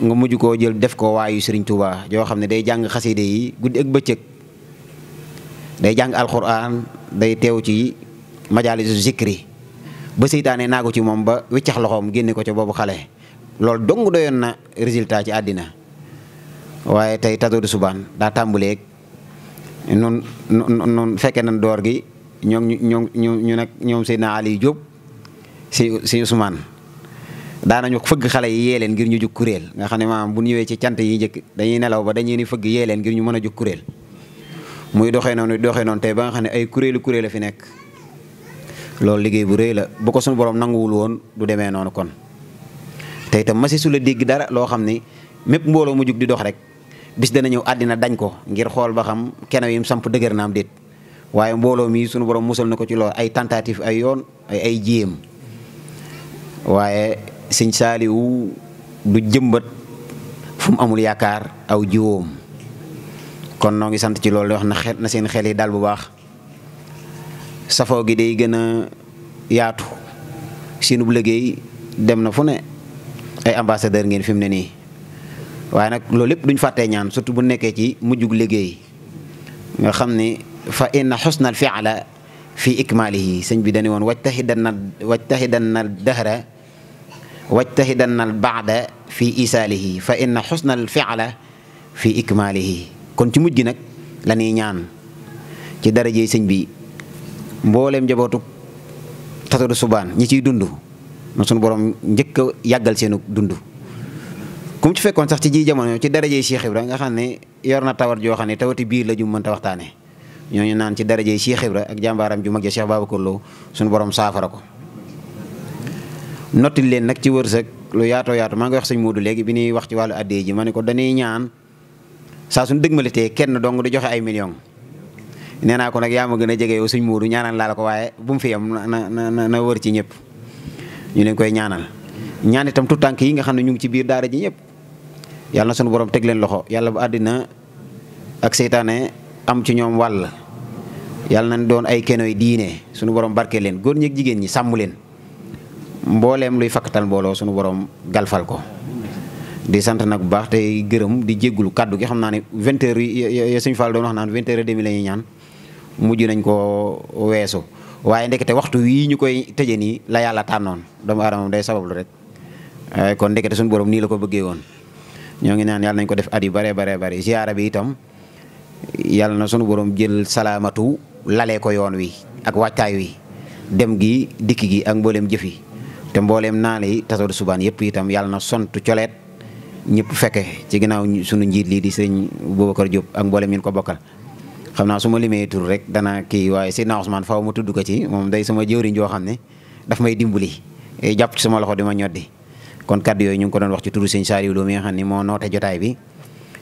nga mujj koo jël def ko waayu Sëriñ Tuubaa yoo xam ne day jàng xaside yi guddi ak bëccëg day jàng alxuraan day teew ci majaalisu zikri ba seytaane naagu ci moom ba wiccax loxoom génne ko ci boobu xale lool dong doyoon na résultat ci àddina waaye tey tato du subaan daa tàmbuleeg nun nun fekke nan door gi ñoom ñu ñu ñu nag ñoom Seydina Ali Diop si si Ousmane daanañu fëgg xale yi yee leen ngir ñu jug kuréel nga xam ne maam bu ñëwee ci cant yi njëkk dañuy nelaw ba dañuy ni fëgg yee leen ngir ñu mën a jug kuréel muy doxee noonu doxee noonu tey ba nga xam ne ay kuréelu kuréel la fi nekk loolu liggéey bu rëy la bu ko suñu borom nanguwul woon du demee noonu kon tey itam masi su la dégg dara loo xam ni mépp mbooloo mu jug di dox rek bis na ñëw àddina dañ ko ngir xool ba xam keneen yi mu samp dëgër naam déet waaye mbooloo mii suñu borom musal na ko ci lool ay tentative ay yoon ay ay jéem waaye sëñ saaliwu du jëmbat fu amul yaakaar aw jiwoom kon noo ngi sant ci loolu wax na xel na seen xel yi daal bu baax safoo gi day gën a yaatu seenub liggéey dem na fu ne ay ambassadeur ngeen fi mu ne nii waaye nag loolu yëpp duñ fàtte ñaan surtout bu nekkee ci mujjug liggéey nga xam ni fa inna xusnal fiala fi ikmaalihi sëñ bi dañu woon wajtahidan na wajtahidan na dahra wajtahidan na baada fi isaalihi fa inna xusnal fiala fi ikmaalihi kon ci mujj gi nag la ñaan ci darajey sëñ bi mbooleem njabootu Tazawudu Subaan ñi ciy dund na sunu borom njëkk a yàggal seenu dund kum ci fekkoon sax ci ji jamono ci darajey Cheikh Ibra nga xam ne yor na tawat joo xam ne tawati biir la ju mënta waxtaane ñooñu naan ci darajey Cheikh Ibra ak jàmbaaram ju mag ja Cheikh Babacar Lo sunu borom saafara ko nottil leen nag ci wërsëg lu yaatoo yaatu maa ngi wax sëñ Moodu léegi bi ñuy wax ci wàllu addee ji ma ne ko dañuy ñaan saa suñu dëgmalitee kenn dong di joxe ay millions nee naa ko nag yaa ma gën a jege yow suñ muudu ñaanal laa ko waaye bu mu fi yam na na na wër ci ñëpp ñu leen koy ñaanal. ñaan itam tànk yi nga xam ne ñu ngi ci biir daara ji ñëpp yàlla na suñu borom teg leen loxo yàlla bu àddina ak seytaane am ci ñoom wàll yàlla na doon ay kenoy diine suñu borom barke leen góor ñeeg jigéen ñi sàmmu leen mbooleem luy fakkatal mbooloo suñu boroom galfal ko. di sant nag bu baax tey gërëm di jéggulu kàddu gi xam naa ne vingt heures yi suñu Fall doon naan vingt heures et demi la ñuy ñaan mujj nañ ko weesu waaye ndekete waxtu wii ñu koy tëje nii la yàlla tànnoon doomu aadama day sabablu rek eh, kon ndekete suñu borom nii la ko bëggee woon ñoo ngi naan yàlla nañ ko def at yu bare bare bare ziyaara bi itam yàlla na sunu borom jël salaamatu lalee ko yoon wi ak waajtaay wi dem gi dikk gi ak mbooleem jëf yi te mbooleem naale yi tasawdu subaan yëpp itam yàlla na sont coleet ñëpp fekke ci ginnaaw sunu njiit lii di sëñ Boubacar Diop ak mboolem ñun ko bokkal xam naa suma limee tur rek dana kii waaye Seydina Ousmane faaw ma tudd ko ci moom day sama jëwriñ joo xam ne daf may dimbali eh, jàpp ci sama loxo di ma ñoddi kon kaddu yooyu ñu ngi ko doon wax ci turu sëñ Saliou Lo mi nga xam ne moo noote jotaay bi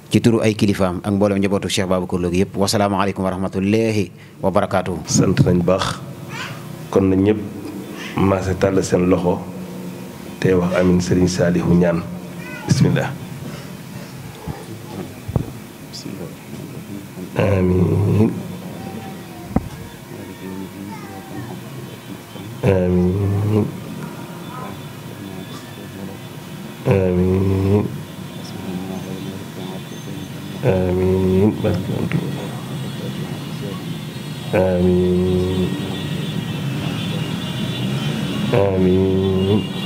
ci turu ay kilifaam ak mboolem njabootu Cheikh Babacar Lo gi yëpp wasalaamaaleykum wa rahmatullahi wa barakaatuhu sant nañ baax kon na ñëpp maase tàll seen loxo te wax amin Serigne Saliou ñaan bismillah amiin amiin amiin amiin amiin amiin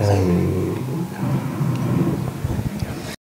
Amin.